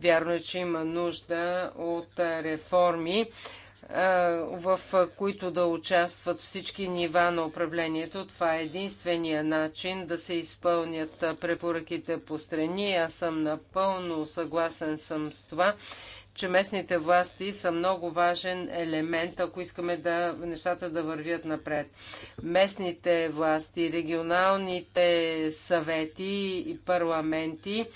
[SPEAKER 3] Вярно е, че има нужда от реформи, в които да участват всички нива на управлението. Това е единствения начин да се изпълнят препоръките по страни. Аз съм напълно съгласен съм с това че местните власти са много важен елемент, ако искаме да, нещата да вървят напред. Местните власти, регионалните съвети и парламенти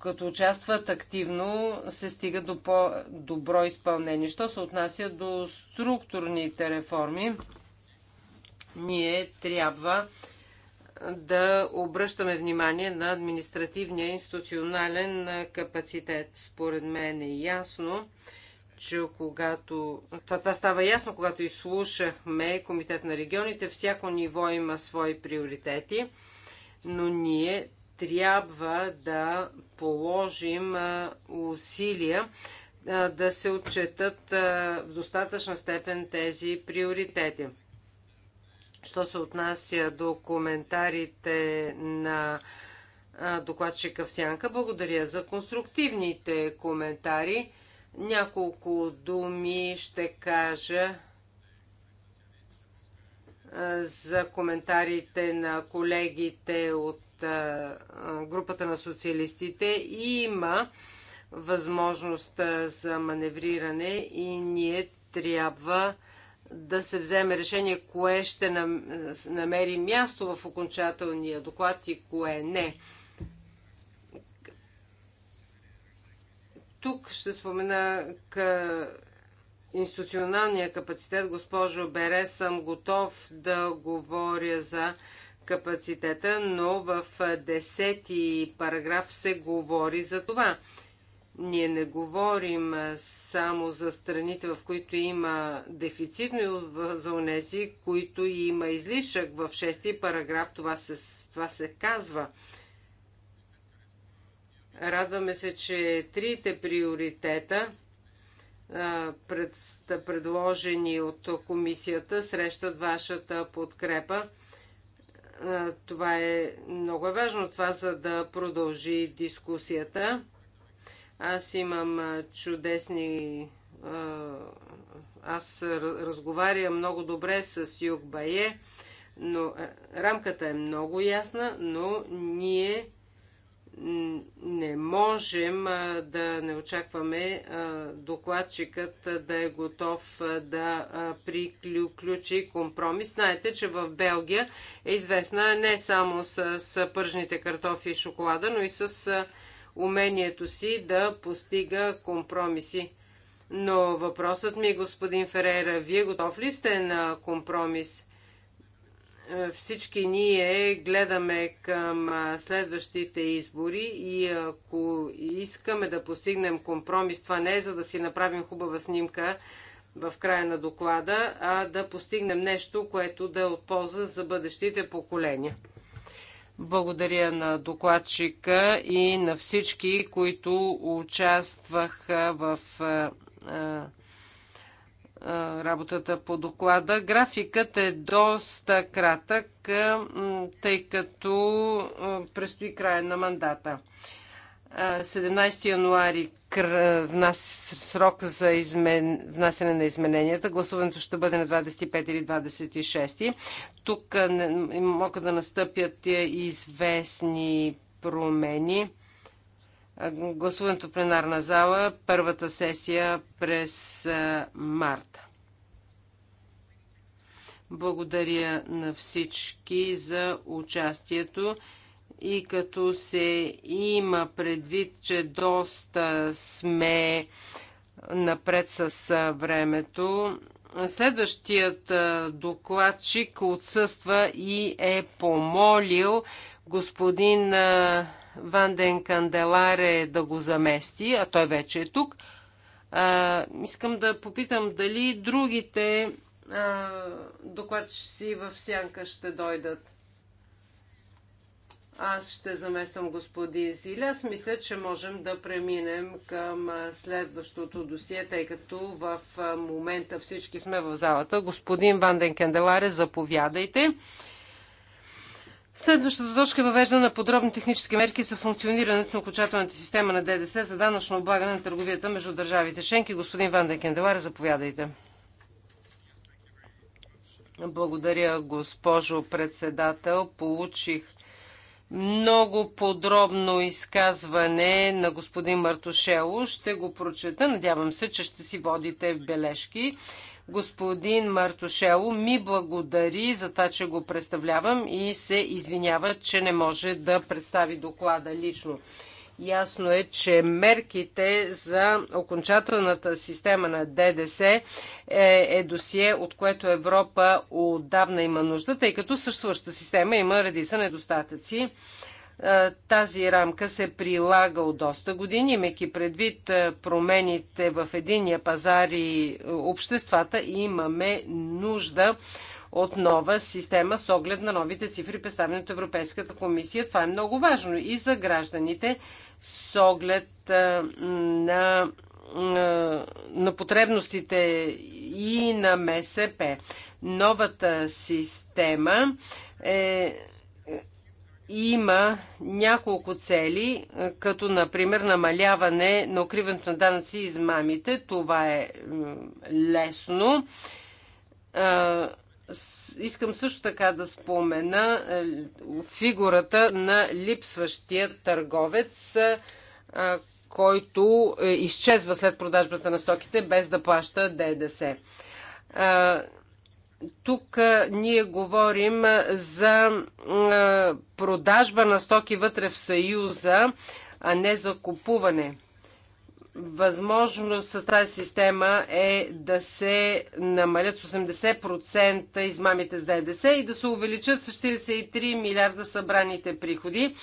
[SPEAKER 3] като участват активно, се стига до по-добро изпълнение. Що се отнася до структурните реформи, ние трябва да обръщаме внимание на административния институционален капацитет. Според мен е ясно, че когато... Това, това става ясно, когато изслушахме Комитет на регионите. Всяко ниво има свои приоритети, но ние трябва да положим усилия да се отчетат в достатъчна степен тези приоритети. Що се отнася до коментарите на докладчика в Сянка, благодаря за конструктивните коментари. Няколко думи ще кажа за коментарите на колегите от групата на социалистите. има възможност за маневриране и ние трябва да се вземе решение кое ще намери място в окончателния доклад и кое не. Тук ще спомена к институционалния капацитет. Госпожо Бере, съм готов да говоря за капацитета, но в 10 параграф се говори за това. Ние не говорим само за страните, в които има дефицит, но и за онези, които има излишък. В шести параграф това се, това се казва. Радваме се, че трите приоритета пред, предложени от комисията, срещат вашата подкрепа. Това е много е важно, това за да продължи дискусията. Аз имам чудесни... Аз разговарям много добре с Юг Бае, но рамката е много ясна, но ние не можем да не очакваме докладчикът да е готов да приключи компромис. Знаете, че в Белгия е известна не само с пържните картофи и шоколада, но и с умението си да постига компромиси. Но въпросът ми, господин Ферера, вие готов ли сте на компромис? Е, всички ние гледаме към следващите избори и ако искаме да постигнем компромис, това не е за да си направим хубава снимка в края на доклада, а да постигнем нещо, което да е от полза за бъдещите поколения. Благодаря на докладчика и на всички, които участваха в е, е, е, работата по доклада. Графикът е доста кратък, тъй като предстои края на мандата. 17 януари срок за измен... внасяне на измененията. Гласуването ще бъде на 25 или 26. Тук могат да настъпят е, известни промени. Гласуването в пленарна зала, първата сесия през март. Благодаря на всички за участието. И като се има предвид, че доста сме напред с времето, следващият докладчик отсъства и е помолил господин Ванден Канделаре да го замести, а той вече е тук. А, искам да попитам дали другите докладчици в сянка ще дойдат. Аз ще замествам господин Зили. Аз мисля, че можем да преминем към следващото досие, тъй като в момента всички сме в залата. Господин Ванден Кенделаре, заповядайте. Следващата точка е въвеждане на подробни технически мерки за функционирането на окончателната система на ДДС за данъчно облагане на търговията между държавите. Шенки, господин Ван Кенделаре, заповядайте. Благодаря, госпожо председател. Получих много подробно изказване на господин Мартушело. Ще го прочета. Надявам се, че ще си водите в бележки. Господин Мартушело ми благодари за това, че го представлявам и се извинява, че не може да представи доклада лично. Ясно е, че мерките за окончателната система на ДДС е, е досие, от което Европа отдавна има нужда, тъй като съществуващата система има редица недостатъци. Е, тази рамка се прилага от доста години, имайки предвид е, промените в единия пазар и е, обществата, имаме нужда от нова система с оглед на новите цифри, представени от Европейската комисия. Това е много важно и за гражданите с оглед на на потребностите и на МСП. Новата система е, има няколко цели, като например намаляване на укриването на данъци и измамите. Това е лесно Искам също така да спомена е, фигурата на липсващия търговец, е, който е, изчезва след продажбата на стоките без да плаща ДДС. Тук ние говорим за продажба на стоки вътре в Съюза, а не за купуване възможност с тази система е да се намалят с 80% измамите с ДДС и да се увеличат с 43 милиарда събраните приходи.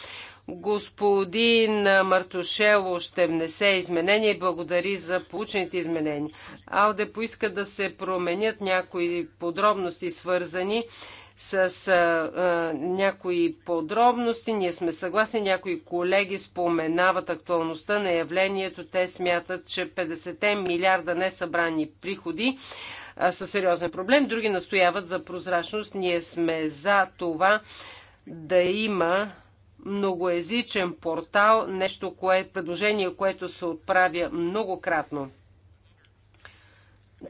[SPEAKER 3] Господин Мартушело ще внесе изменения и благодари за получените изменения. Алде поиска да се променят някои подробности, свързани с а, някои подробности. Ние сме съгласни, някои колеги споменават актуалността на явлението. Те смятат, че 50 милиарда несъбрани приходи а, са сериозен проблем. Други настояват за прозрачност. Ние сме за това да има многоезичен портал, нещо, кое, предложение, което се отправя многократно.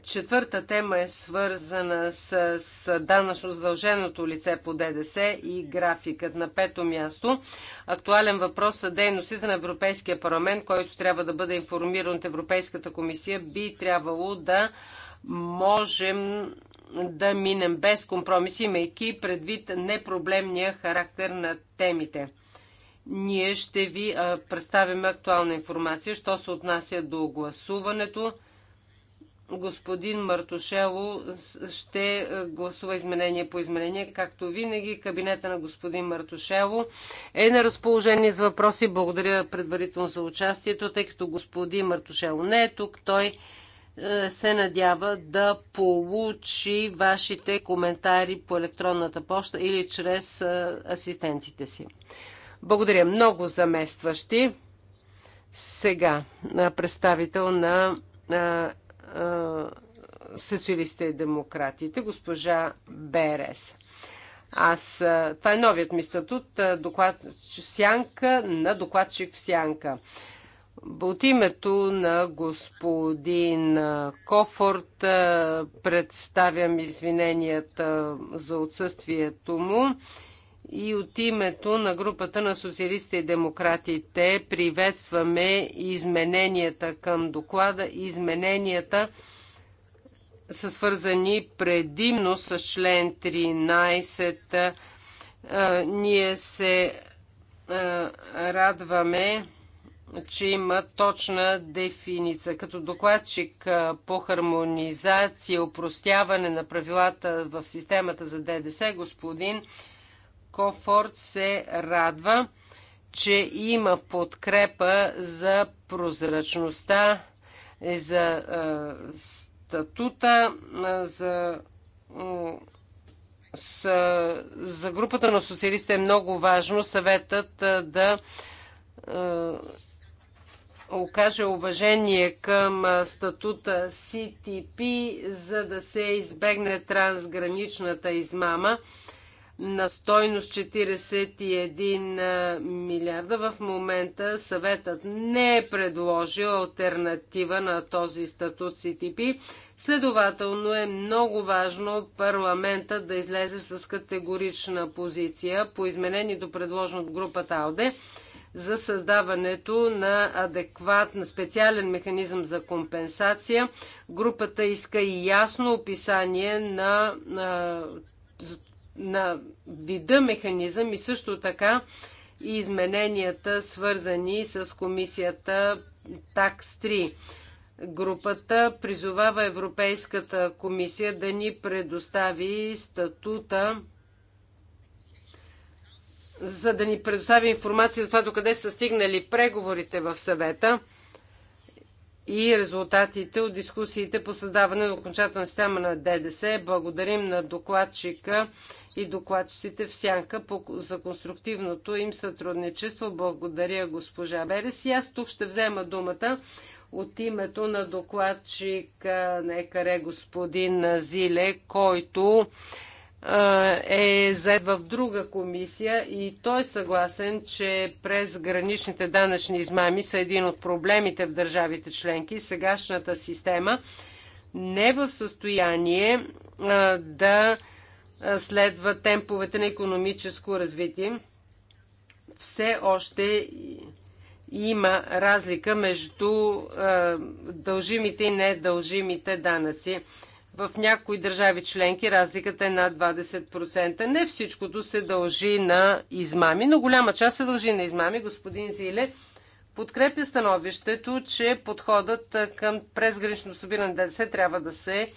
[SPEAKER 3] Четвърта тема е свързана с, с данъчно задълженото лице по ДДС и графикът. На пето място актуален въпрос са дейностите на Европейския парламент, който трябва да бъде информиран от Европейската комисия. Би трябвало да можем да минем без компромиси, имайки предвид непроблемния характер на темите. Ние ще ви представим актуална информация, що се отнася до гласуването господин Мартушело ще е, гласува изменение по изменение. Както винаги, кабинета на господин Мартушело е на разположение за въпроси. Благодаря предварително за участието, тъй като господин Мартушело не е тук. Той е, се надява да получи вашите коментари по електронната поща или чрез е, асистентите си. Благодаря много заместващи. Сега представител на е, социалистите и демократите, госпожа Берес. Аз, е, това е новият ми статут, е, доклад, сянка на докладчик в сянка. От името на господин Кофорт представям извиненията за отсъствието му и от името на групата на социалистите и демократите приветстваме измененията към доклада. Измененията са свързани предимно с член 13. Ние се радваме, че има точна дефиниция. Като докладчик по хармонизация, упростяване на правилата в системата за ДДС, господин Кофорд се радва, че има подкрепа за прозрачността, за статута, за за групата на социалистите е много важно съветът да окаже уважение към статута CTP, за да се избегне трансграничната измама на стойност 41 милиарда. В момента съветът не е предложил альтернатива на този статут CTP. Следователно е много важно парламента да излезе с категорична позиция по изменението предложено от групата АЛДЕ за създаването на на специален механизъм за компенсация. Групата иска и ясно описание на, на на вида механизъм и също така и измененията, свързани с комисията ТАКС-3. Групата призовава Европейската комисия да ни предостави статута за да ни предостави информация за това докъде са стигнали преговорите в съвета и резултатите от дискусиите по създаване на окончателна система на ДДС. Благодарим на докладчика и докладчиците в Сянка за конструктивното им сътрудничество. Благодаря госпожа Берес. И аз тук ще взема думата от името на докладчик на господин Зиле, който е зает в друга комисия и той е съгласен, че през граничните данъчни измами са един от проблемите в държавите членки. Сегашната система не е в състояние да следва темповете на економическо развитие. Все още има разлика между дължимите и недължимите данъци. В някои държави членки разликата е над 20%. Не всичкото се дължи на измами, но голяма част се дължи на измами. Господин Зиле подкрепя становището, че подходът към презгранично събиране ДДС трябва да се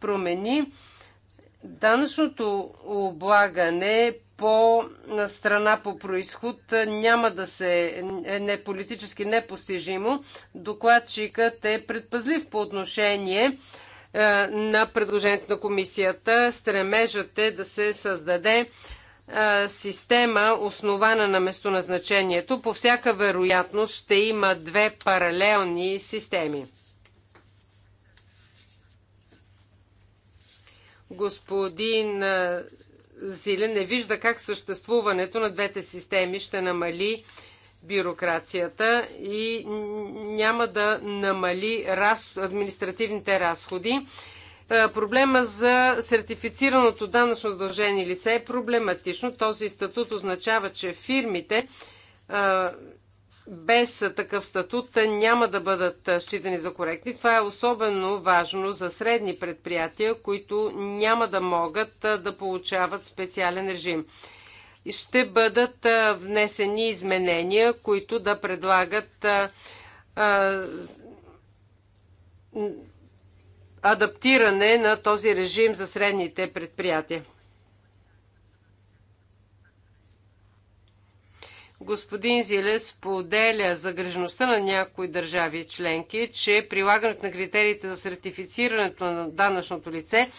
[SPEAKER 3] промени. Данъчното облагане по страна по происход няма да се е не политически непостижимо. Докладчикът е предпазлив по отношение е, на предложението на комисията. Стремежът е да се създаде е, система, основана на местоназначението. По всяка вероятност ще има две паралелни системи. Господин е, Зилен, не вижда как съществуването на двете системи ще намали бюрокрацията и няма да намали раз, административните разходи. Е, проблема за сертифицираното данъчно задължение лице е проблематично. Този статут означава, че фирмите е, без такъв статут няма да бъдат считани за коректни. Това е особено важно за средни предприятия, които няма да могат е, да получават специален режим ще бъдат внесени изменения, които да предлагат адаптиране на този режим за средните предприятия. Господин Зилес споделя загрежността на някои държави членки, че прилагането на критериите за сертифицирането на данъчното лице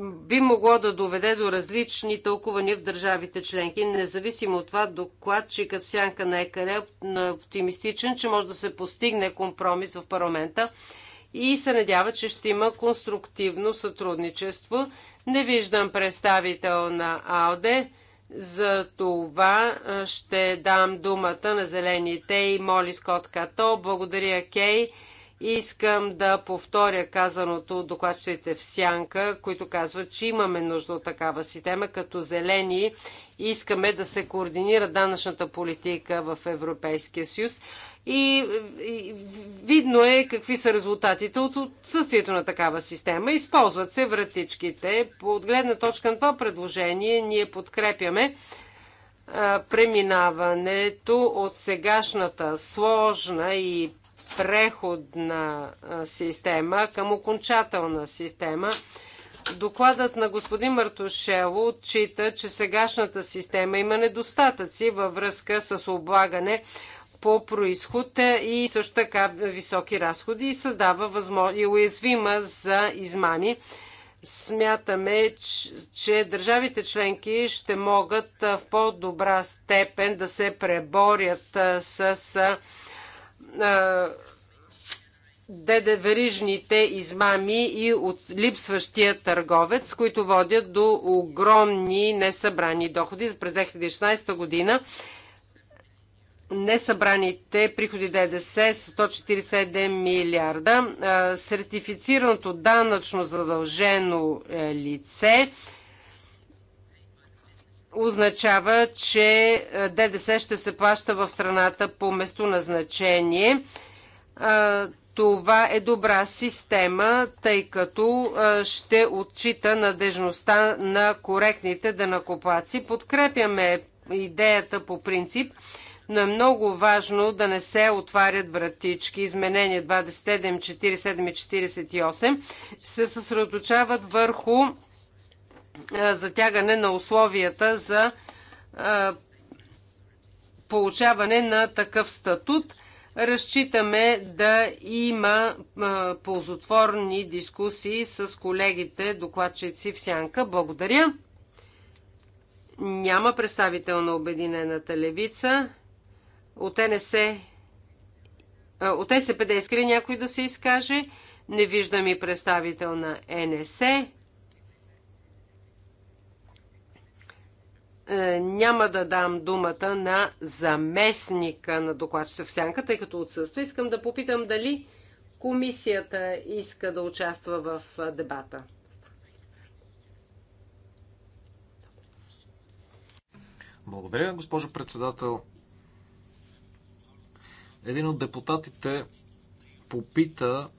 [SPEAKER 3] би могло да доведе до различни тълкувания в държавите членки. Независимо от това, докладчикът Сянка на Екаре е оптимистичен, че може да се постигне компромис в парламента и се надява, че ще има конструктивно сътрудничество. Не виждам представител на АОДЕ, за това ще дам думата на зелените и Моли Скот Като. Благодаря, Кей. Искам да повторя казаното от докладчите в Сянка, които казват, че имаме нужда от такава система. Като зелени искаме да се координира данъчната политика в Европейския съюз. И, и видно е какви са резултатите от отсъствието на такава система. Използват се вратичките. От гледна точка на това предложение ние подкрепяме преминаването от сегашната сложна и преходна система към окончателна система. Докладът на господин Мартушело отчита, че сегашната система има недостатъци във връзка с облагане по происход и също така високи разходи и създава възможност и уязвима за измами. Смятаме, че, че държавите членки ще могат в по-добра степен да се преборят с деде верижните измами и от липсващия търговец, които водят до огромни несъбрани доходи. През 2016 година несъбраните приходи ДДС с 147 милиарда. Сертифицираното данъчно задължено е, лице означава, че е, ДДС ще се плаща в страната по местоназначение. Е, това е добра система, тъй като е, ще отчита надежността на коректните дънакоплаци. Подкрепяме идеята по принцип, но е много важно да не се отварят вратички. Изменения 27, 47 и 48 се съсредоточават върху е, затягане на условията за е, получаване на такъв статут. Разчитаме да има е, ползотворни дискусии с колегите докладчици в Сянка. Благодаря. Няма представител на Обединената левица. От НС от СПД иска ли някой да се изкаже? Не виждам и представител на НСЕ. Е, няма да дам думата на заместника на докладчица в сянка, тъй като отсъства. Искам да попитам дали комисията иска да участва в е, дебата.
[SPEAKER 2] Благодаря, госпожо председател. Един от депутатите попита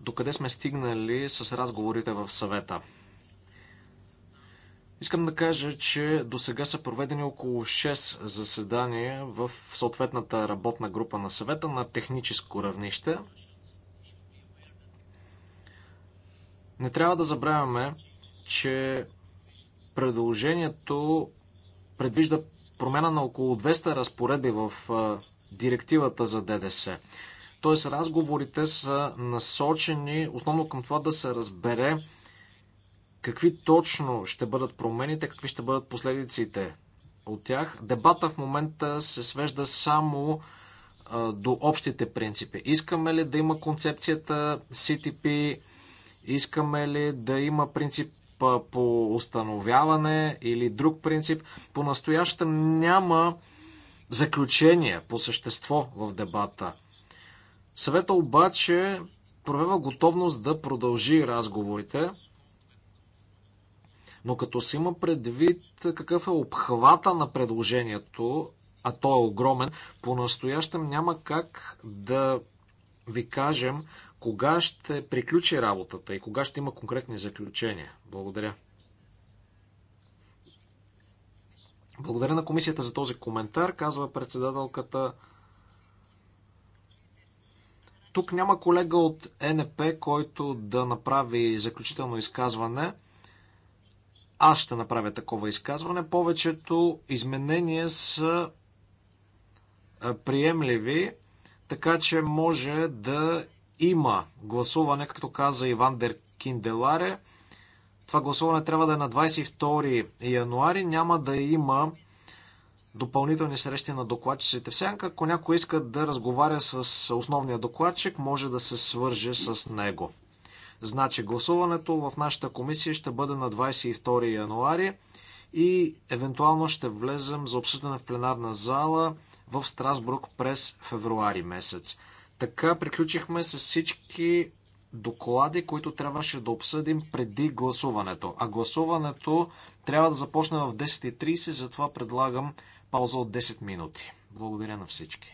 [SPEAKER 2] докъде сме стигнали с разговорите в съвета. Искам да кажа, че до сега са проведени около 6 заседания в съответната работна група на съвета на техническо равнище. Не трябва да забравяме, че предложението предвижда промяна на около 200 разпоредби в директивата за ДДС. Тоест разговорите са насочени основно към това да се разбере Какви точно ще бъдат промените, какви ще бъдат последиците от тях? Дебата в момента се свежда само до общите принципи. Искаме ли да има концепцията CTP? Искаме ли да има принцип по установяване или друг принцип? По-настоящем няма заключение по същество в дебата. Съвета обаче провева готовност да продължи разговорите но като се има предвид какъв е обхвата на предложението, а то е огромен, по-настоящем няма как да ви кажем кога ще приключи работата и кога ще има конкретни заключения. Благодаря. Благодаря на комисията за този коментар, казва председателката. Тук няма колега от НП, който да направи заключително изказване аз ще направя такова изказване. Повечето изменения са приемливи, така че може да има гласуване, както каза Иван Дер Кинделаре. Това гласуване трябва да е на 22 януари. Няма да има допълнителни срещи на докладчиците в сянка. Ако някой иска да разговаря с основния докладчик, може да се свърже с него. Значи гласуването в нашата комисия ще бъде на 22 януари и евентуално ще влезем за обсъждане в пленарна зала в Страсбург през февруари месец. Така приключихме с всички доклади, които трябваше да обсъдим преди гласуването. А гласуването трябва да започне в 10.30, затова предлагам пауза от 10 минути. Благодаря на всички.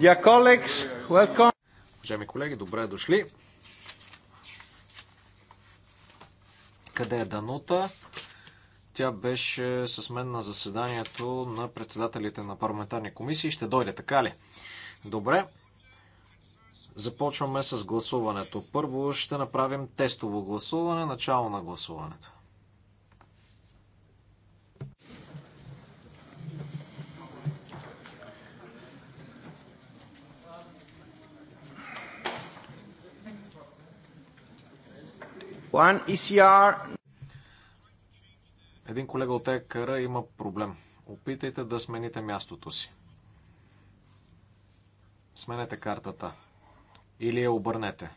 [SPEAKER 2] Yeah, Уважаеми колеги, добре дошли. Къде е Данута? Тя беше с мен на заседанието на председателите на парламентарни комисии. Ще дойде, така ли? Добре. Започваме с гласуването. Първо ще направим тестово гласуване, начало на гласуването. One ECR. Един колега от ЕКР има проблем. Опитайте да смените мястото си. Сменете картата. Или я обърнете.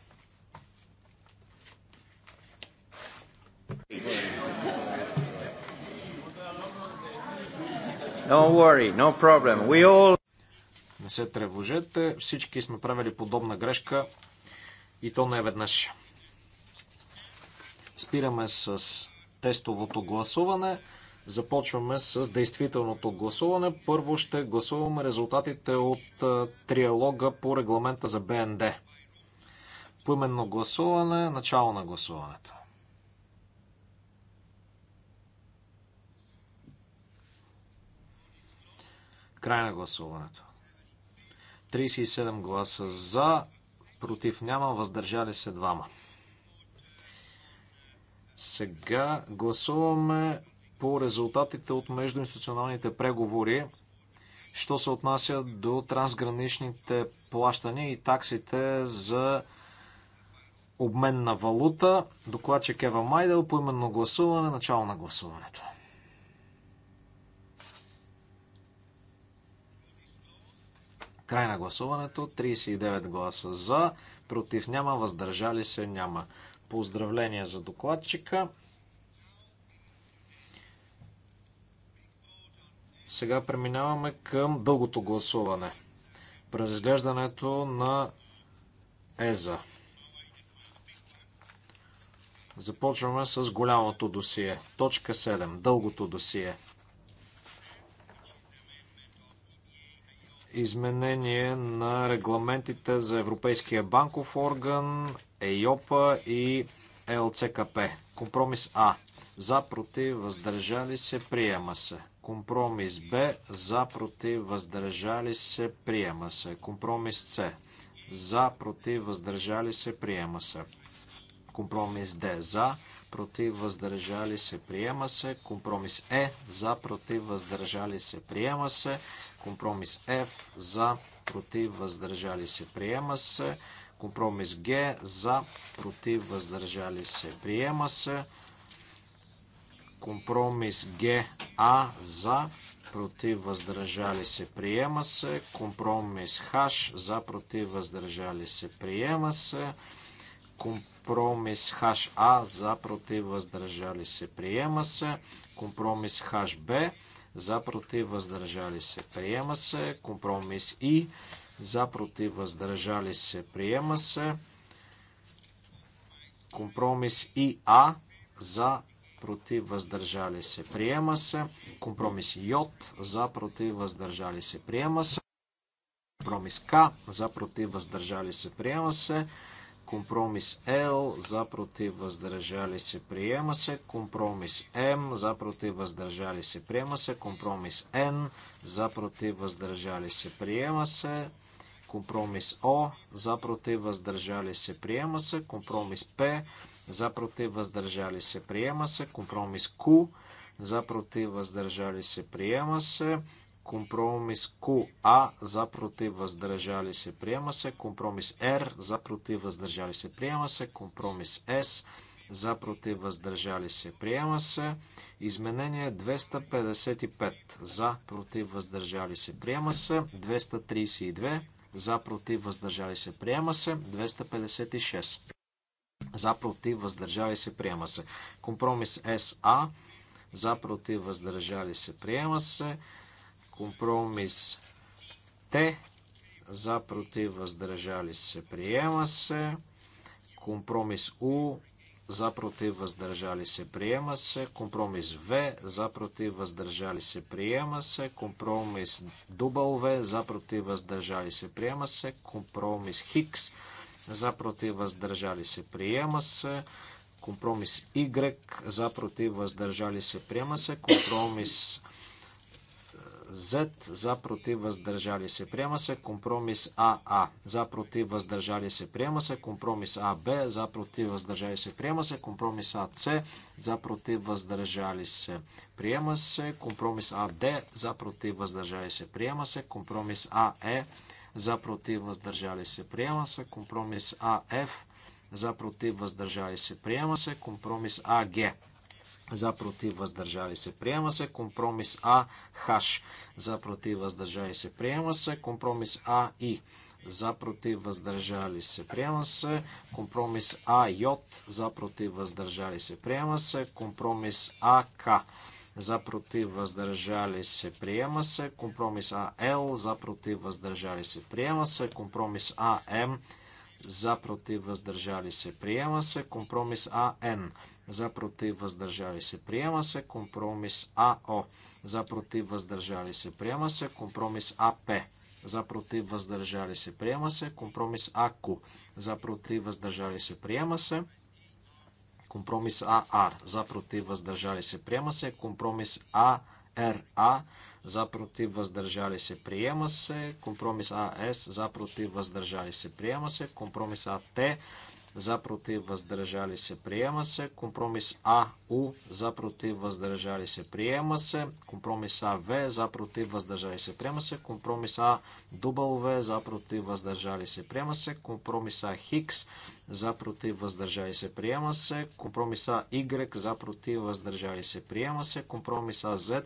[SPEAKER 1] Don't worry, no problem. We all...
[SPEAKER 2] Не се тревожете, всички сме правили подобна грешка и то не е веднъж. Спираме с тестовото гласуване. Започваме с действителното гласуване. Първо ще гласуваме резултатите от триалога по регламента за БНД. Поименно гласуване, начало на гласуването. Край на гласуването. 37 гласа за, против няма, въздържали се двама. Сега гласуваме по резултатите от междуинституционалните преговори, що се отнася до трансграничните плащания и таксите за обмен на валута. Докладчик Ева Майдел по именно гласуване, начало на гласуването. Край на гласуването. 39 гласа за, против няма, въздържали се няма. Поздравления за докладчика. Сега преминаваме към дългото гласуване. Разглеждането на ЕЗА. Започваме с голямото досие. Точка 7. Дългото досие. Изменение на регламентите за Европейския банков орган ЕЙОПА и ЛЦКП. Компромис А. За, против, въздържали се, приема се. Компромис Б. За, против, въздържали се, приема се. Компромис С. За, против, въздържали се, приема се. Компромис Д. За, против, въздържали се, приема се. Компромис Е. За, против, въздържали се, приема се. Компромис Ф. За, против, въздържали се, приема се. Компромис Г за, против, въздържали се. Приема се. Компромис Г А за, против, въздържали се. Приема се. Компромис Х за, против, въздържали се. Приема се. Компромис ХА за, против, въздържали се. Приема се. Компромис ХБ за, против, въздържали се. Приема се. Компромис И за против въздържали се приема се. Компромис и А за против въздържали се приема се. Компромис J за против въздържали се приема се. Компромис К за против въздържали се приема се. Компромис L за против въздържали се приема се. Компромис М за против въздържали се приема се. Компромис Н за против въздържали се приема се. Компромис О. За против въздържали се. Приема се. Компромис П. За против въздържали се. Приема се. Компромис Q. За против въздържали се. Приема се. Компромис QA за против въздържали се приема се. Компромис R за против въздържали се приема се. Компромис S за против въздържали се приема се. Изменение 255 за против въздържали се приема се. 232 за против въздържали се приема се 256 за против въздържали се приема се компромис СА за против въздържали се приема се компромис Т за против въздържали се приема се компромис У за против въздържали се приема се. Компромис В за против въздържали се приема се. Компромис В за против въздържали се приема се. Компромис Хикс за против въздържали се приема се. Компромис Y за против въздържали се приема се. Компромис Z за против въздържали се приема се компромис АА за против въздържали се приема се компромис АБ за против въздържали се приема се компромис АЦ за против въздържали се приема се компромис АД за против въздържали се приема се компромис АЕ за против въздържали се приема се компромис АФ за против въздържали се приема се компромис АГ за против въздържали се приема се. Компромис А хаш за против въздържали се приема се. Компромис А и за против въздържали се приема се. Компромис А йод за против въздържали се приема се. Компромис А к за против въздържали се приема се. Компромис А Л за против въздържали се приема се. Компромис А М за против въздържали се приема се. Компромис А Н за против въздържали се приема се. Компромис АО за против въздържали се приема се. Компромис АП за против въздържали се приема се. Компромис АКУ за против въздържали се приема се. Компромис АР за против въздържали се приема се. Компромис АРА за против въздържали се приема се. Компромис АС за против въздържали се приема се. Компромис АТ за против въздържали се приема се. Компромис АУ за против въздържали се приема се. Компромис АВ за против въздържали се приема се. Компромис АВ за против въздържали се приема се. Компромис ХИКС за против въздържали се приема се. Компромис Y за против въздържали се приема се. Компромис Z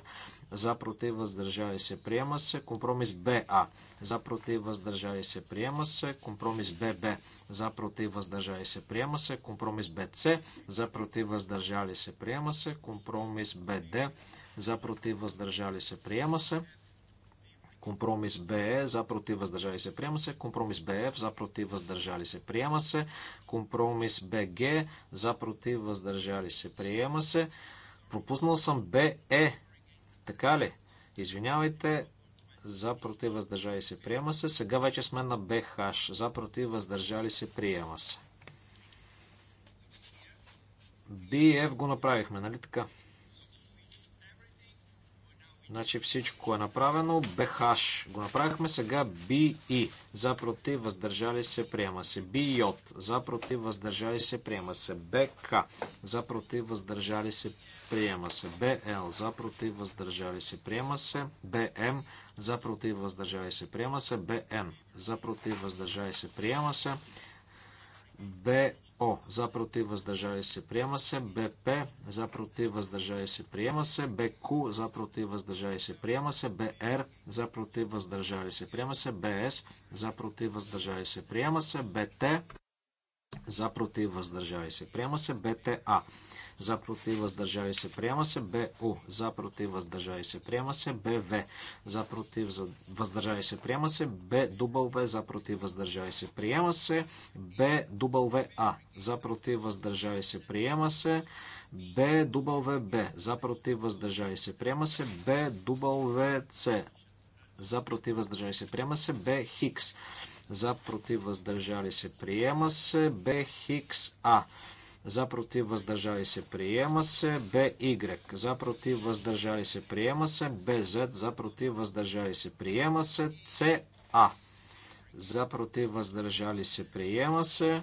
[SPEAKER 2] за против въздържали се приема се. Компромис БА за против въздържали се приема се. Компромис ББ за против въздържали се приема се. Компромис БЦ за против въздържали се приема се. Компромис БД за против въздържали се приема се. Компромис БЕ за против въздържали се приема се. Компромис БФ за против въздържали се приема се. Компромис БГ за против въздържали се приема се. Пропуснал съм БЕ така ли? Извинявайте, за против въздържали се приема се. Сега вече сме на БХ. За против въздържали се приема се. BF го направихме, нали така? Значи всичко е направено. БХ го направихме. Сега BI. За против въздържали се приема се. BJ. За против въздържали се приема се. БК. За против въздържали се Приема се. БЛ за против въздържали се. Приема се. БМ за против въздържали се. Приема се. БН за против въздържали се. Приема се. БО за против въздържали се. Приема се. БП за против въздържали се. Приема се. БК за против въздържали се. Приема се. БР за против въздържали се. Приема се. БС за против въздържали се. Приема се. БТ за против въздържали се. Приема се. БТА за против въздържали се приема се, БУ за против въздържали се приема се, БВ за против въздържали се приема се, БW за против въздържали се приема се, БWА за против въздържали се приема се, БВБ за против въздържали се приема се, БВЦ за против въздържали се приема се, Б Хикс за против въздържали се приема се, Б А за против въздържали се приема се, Б Y за против въздържали се приема се, Z за против въздържали се приема се, А за против въздържали се приема се.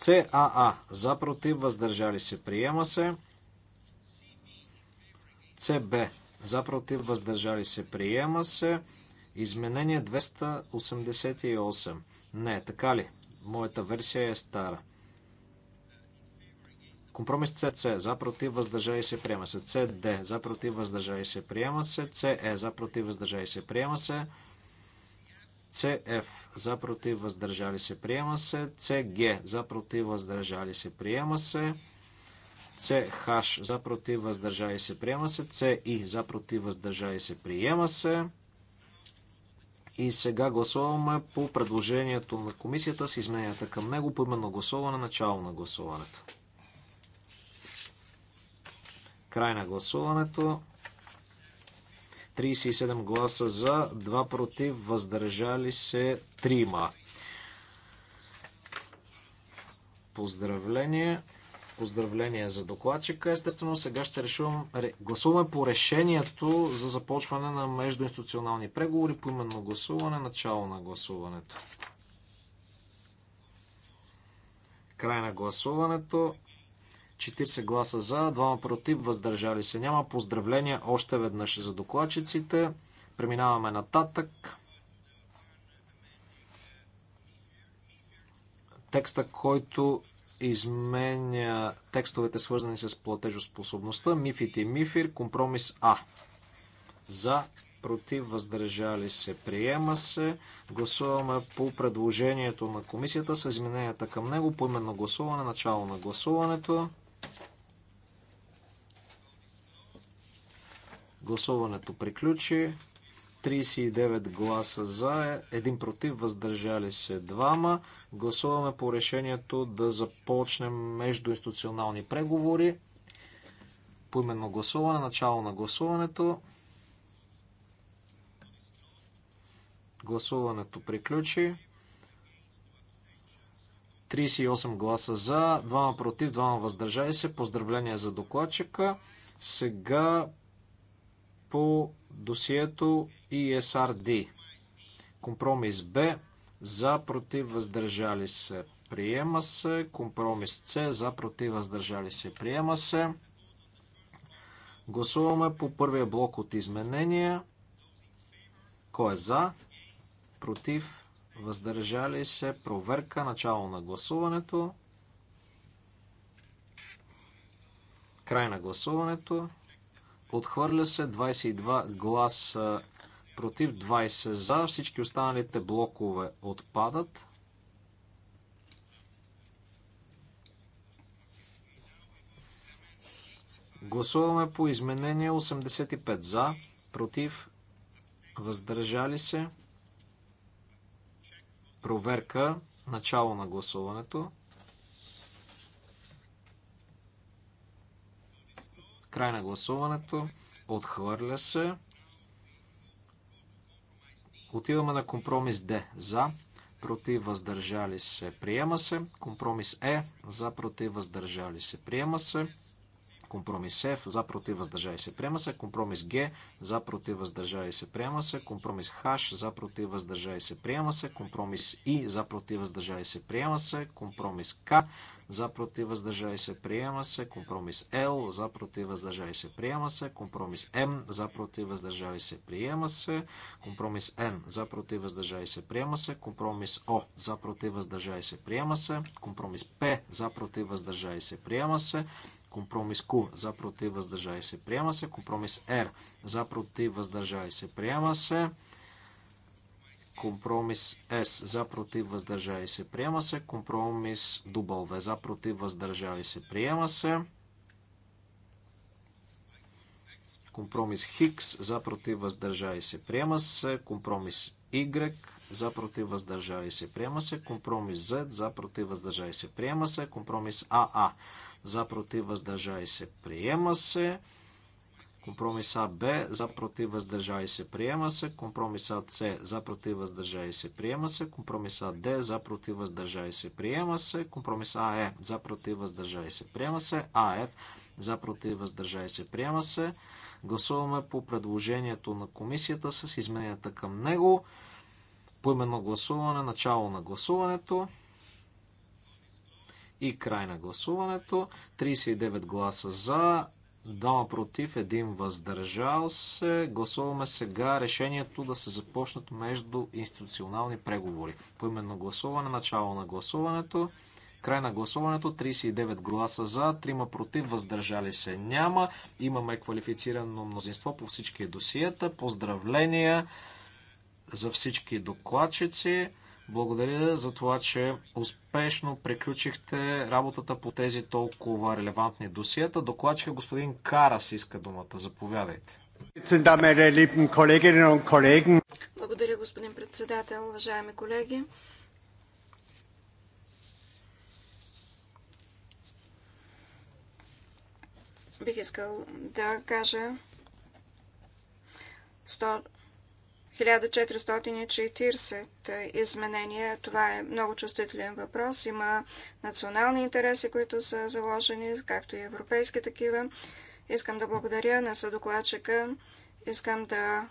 [SPEAKER 2] CAA за против въздържали се приема се. CB за против въздържали се, приема се. Изменение 288. Не, така ли? Моята версия е стара. Компромис CC. За против въздържали се, приема се. CD. За против въздържали се, приема се. CE. Е. За против въздържали се, приема се. CF. За против въздържали се, приема се. CG. За против въздържали се, приема се. CH за против въздържай се приема се. CI за против въздържай се приема се. И сега гласуваме по предложението на комисията с измененията към него по именно гласуване, начало на гласуването. Край на гласуването. 37 гласа за, 2 против, въздържали се 3. Поздравление! Поздравления за докладчика. Естествено, сега ще решувам, гласуваме по решението за започване на междуинституционални преговори по именно гласуване, начало на гласуването. Край на гласуването. 40 гласа за, 2 против, въздържали се няма. Поздравления още веднъж за докладчиците. Преминаваме нататък. Текста, който изменя текстовете свързани с платежоспособността, МИФИТ и МИФИР, компромис А. За, против, въздържали се, приема се. Гласуваме по предложението на комисията с измененията към него, по именно гласуване, начало на гласуването. Гласуването приключи. 39 гласа за, 1 против, въздържали се 2. Гласуваме по решението да започнем междуинституционални преговори. По именно гласуване, начало на гласуването. Гласуването приключи. 38 гласа за, 2 против, 2 въздържали се. Поздравления за докладчика. Сега по досието ESRD. Компромис Б за против въздържали се приема се. Компромис С за против въздържали се приема се. Гласуваме по първия блок от изменения. Кой е за? Против? Въздържали се? Проверка. Начало на гласуването. Край на гласуването. Отхвърля се 22 гласа против 20 за. Всички останалите блокове отпадат. Гласуваме по изменение 85 за, против, въздържали се. Проверка. Начало на гласуването. Край на гласуването. Отхвърля се. Отиваме на компромис Д. За. Против въздържали се. Приема се. Компромис Е. За. Против въздържали се. Приема се. Компромис F. За. Против въздържали се. Приема се. Компромис Г. За. Против въздържали се. Приема се. Компромис Х. За. Против въздържали се. Приема се. Компромис И. За. Против въздържали се. Приема се. Компромис К за против въздържали се приема се. Компромис L за против въздържали се приема се. Компромис М за против въздържали се приема се. Компромис N, за против въздържали се приема се. Компромис О за против въздържали се приема се. Компромис П за против въздържали се приема се. Компромис Q за против въздържали се приема се. Компромис R за против въздържали се приема се. Компромис С за против въздържали се приема се. Компромис W за против въздържали се приема се. Компромис Хикс за против въздържали се приема се. Компромис Y за против въздържали се приема се. Компромис Z за против въздържали се приема се. Компромис АА за против въздържали се приема се. Компромиса Б за против въздържали се приема се. Компромиса С за против въздържали се приема се. Компромиса Д за против въздържали се приема се. Компромиса АЕ за против въздържали се приема се. АФ за против въздържали се приема се. Гласуваме по предложението на комисията с измененията към него. Поименно гласуване, начало на гласуването и край на гласуването. 39 гласа за, 2 против, един въздържал се. Гласуваме сега решението да се започнат между институционални преговори. По именно гласуване, начало на гласуването, край на гласуването, 39 гласа за, 3 против, въздържали се няма. Имаме квалифицирано мнозинство по всички досиета. Поздравления за всички докладчици. Благодаря за това, че успешно приключихте работата по тези толкова релевантни досията. Докладчика господин Карас иска думата. Заповядайте.
[SPEAKER 1] Благодаря, господин председател, уважаеми колеги. Бих искал да кажа 1440 изменения. Това е много чувствителен въпрос. Има национални интереси, които са заложени, както и европейски такива. Искам да благодаря на съдокладчика. Искам да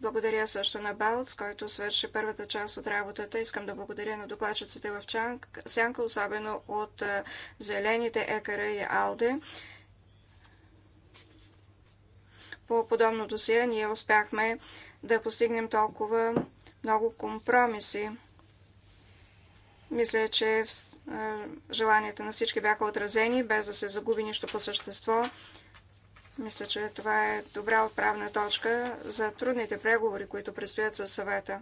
[SPEAKER 1] благодаря също на Балц, който свърши първата част от работата. Искам да благодаря на докладчиците в Сянка, особено от Зелените, Екара и Алде. По подобно досие ние успяхме да постигнем толкова много компромиси. Мисля, че желанията на всички бяха отразени, без да се загуби нищо по същество. Мисля, че това е добра отправна точка за трудните преговори, които предстоят със съвета,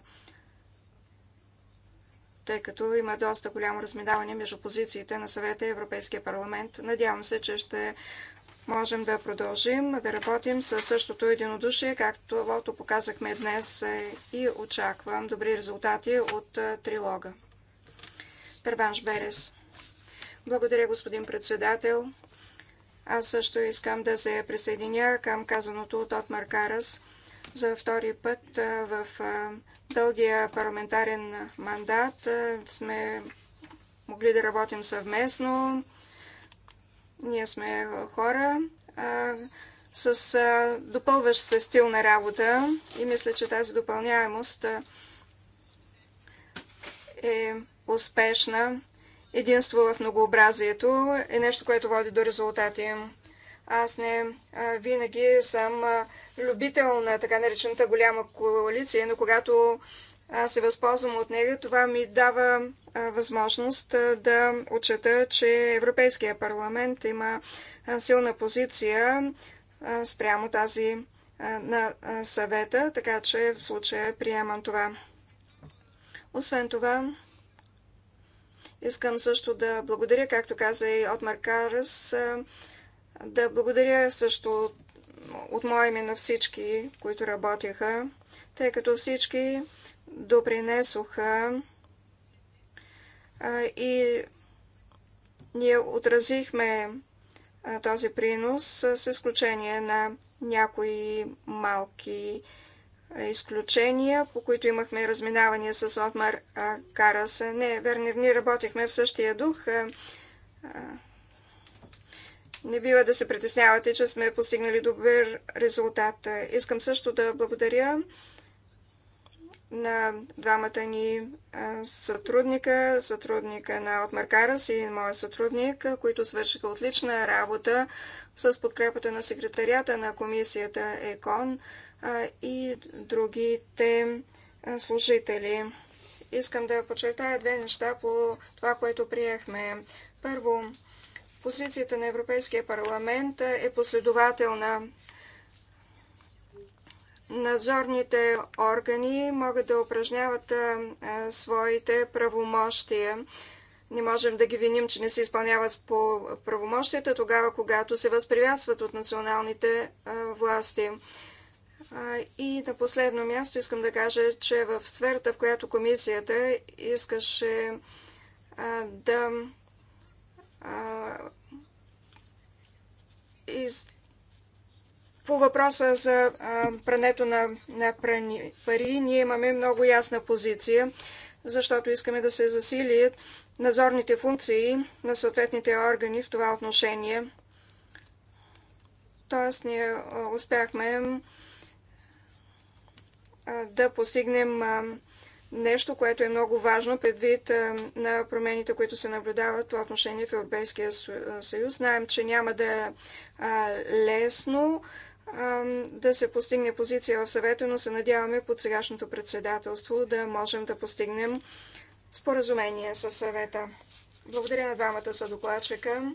[SPEAKER 1] тъй като има доста голямо разминаване между позициите на съвета и Европейския парламент. Надявам се, че ще можем да продължим да работим със същото единодушие, както лото показахме днес е, и очаквам добри резултати от е, трилога. Перванш Берес. Благодаря, господин председател. Аз също искам да се присъединя към казаното от Отмар Карас за втори път е, в дългия парламентарен мандат сме могли да работим съвместно ние сме хора а, с а, допълващ се стил на работа и мисля, че тази допълняемост е успешна. Единство в многообразието е нещо, което води до резултати. Аз не а, винаги съм а, любител на така наречената голяма коалиция, но когато аз се възползвам от нея. Това ми дава възможност да отчета, че Европейския парламент има силна позиция спрямо тази на съвета, така че в случая приемам това. Освен това, искам също да благодаря, както каза и Отмар Карас, да благодаря също от мое име на всички, които работеха, тъй като всички допринесоха и ние отразихме този принос с изключение на някои малки изключения, по които имахме разминавания с Отмар Карас. Не, верни, ние работихме в същия дух. Не бива да се притеснявате, че сме постигнали добър резултат. Искам също да благодаря на двамата ни сътрудника, сътрудника на Отмаркарас и моя сътрудник, които свършиха отлична работа с подкрепата на секретарията на комисията ЕКОН и другите служители. Искам да подчертая две неща по това, което приехме. Първо, позицията на Европейския парламент е последователна надзорните органи могат да упражняват своите правомощия. Не можем да ги виним, че не се изпълняват по правомощията тогава, когато се възпривязват от националните власти. И на последно място искам да кажа, че в сферата, в която комисията искаше да по въпроса за прането на, на пари, ние имаме много ясна позиция, защото искаме да се засилият надзорните функции на съответните органи в това отношение. Тоест, ние успяхме да постигнем нещо, което е много важно предвид на промените, които се наблюдават в отношение в Европейския съюз. Знаем, че няма да е лесно да се постигне позиция в съвета, но се надяваме под сегашното председателство да можем да постигнем споразумение с съвета. Благодаря на двамата са докладчика.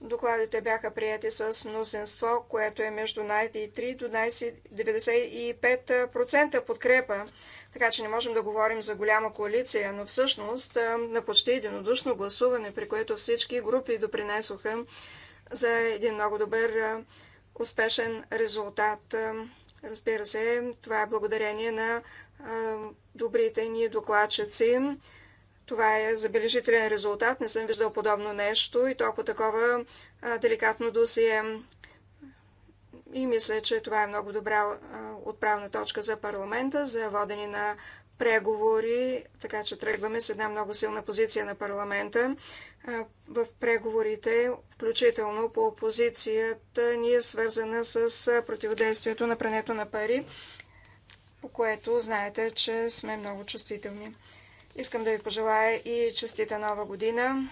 [SPEAKER 1] Докладите бяха прияти с мнозинство, което е между 93 до 95% подкрепа. Така че не можем да говорим за голяма коалиция, но всъщност на почти единодушно гласуване, при което всички групи допринесоха за един много добър успешен резултат. Е, разбира се, това е благодарение на е, добрите ни докладчици. Това е забележителен резултат. Не съм виждал подобно нещо и то по такова е, деликатно досие. И мисля, че това е много добра отправна точка за парламента, за водени на преговори, така че тръгваме с една много силна позиция на парламента. В преговорите, включително по опозицията, ни е свързана с противодействието на прането на пари, по което знаете, че сме много чувствителни. Искам да ви пожелая и честита нова година.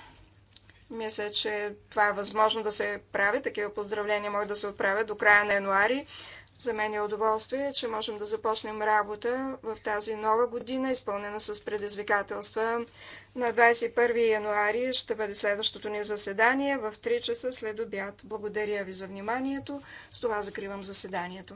[SPEAKER 1] Мисля, че това е възможно да се прави. Такива поздравления могат да се отправят до края на януари. За мен е удоволствие, че можем да започнем работа в тази нова година, изпълнена с предизвикателства. На 21 януари ще бъде следващото ни заседание в 3 часа след обяд. Благодаря ви за вниманието. С това закривам заседанието.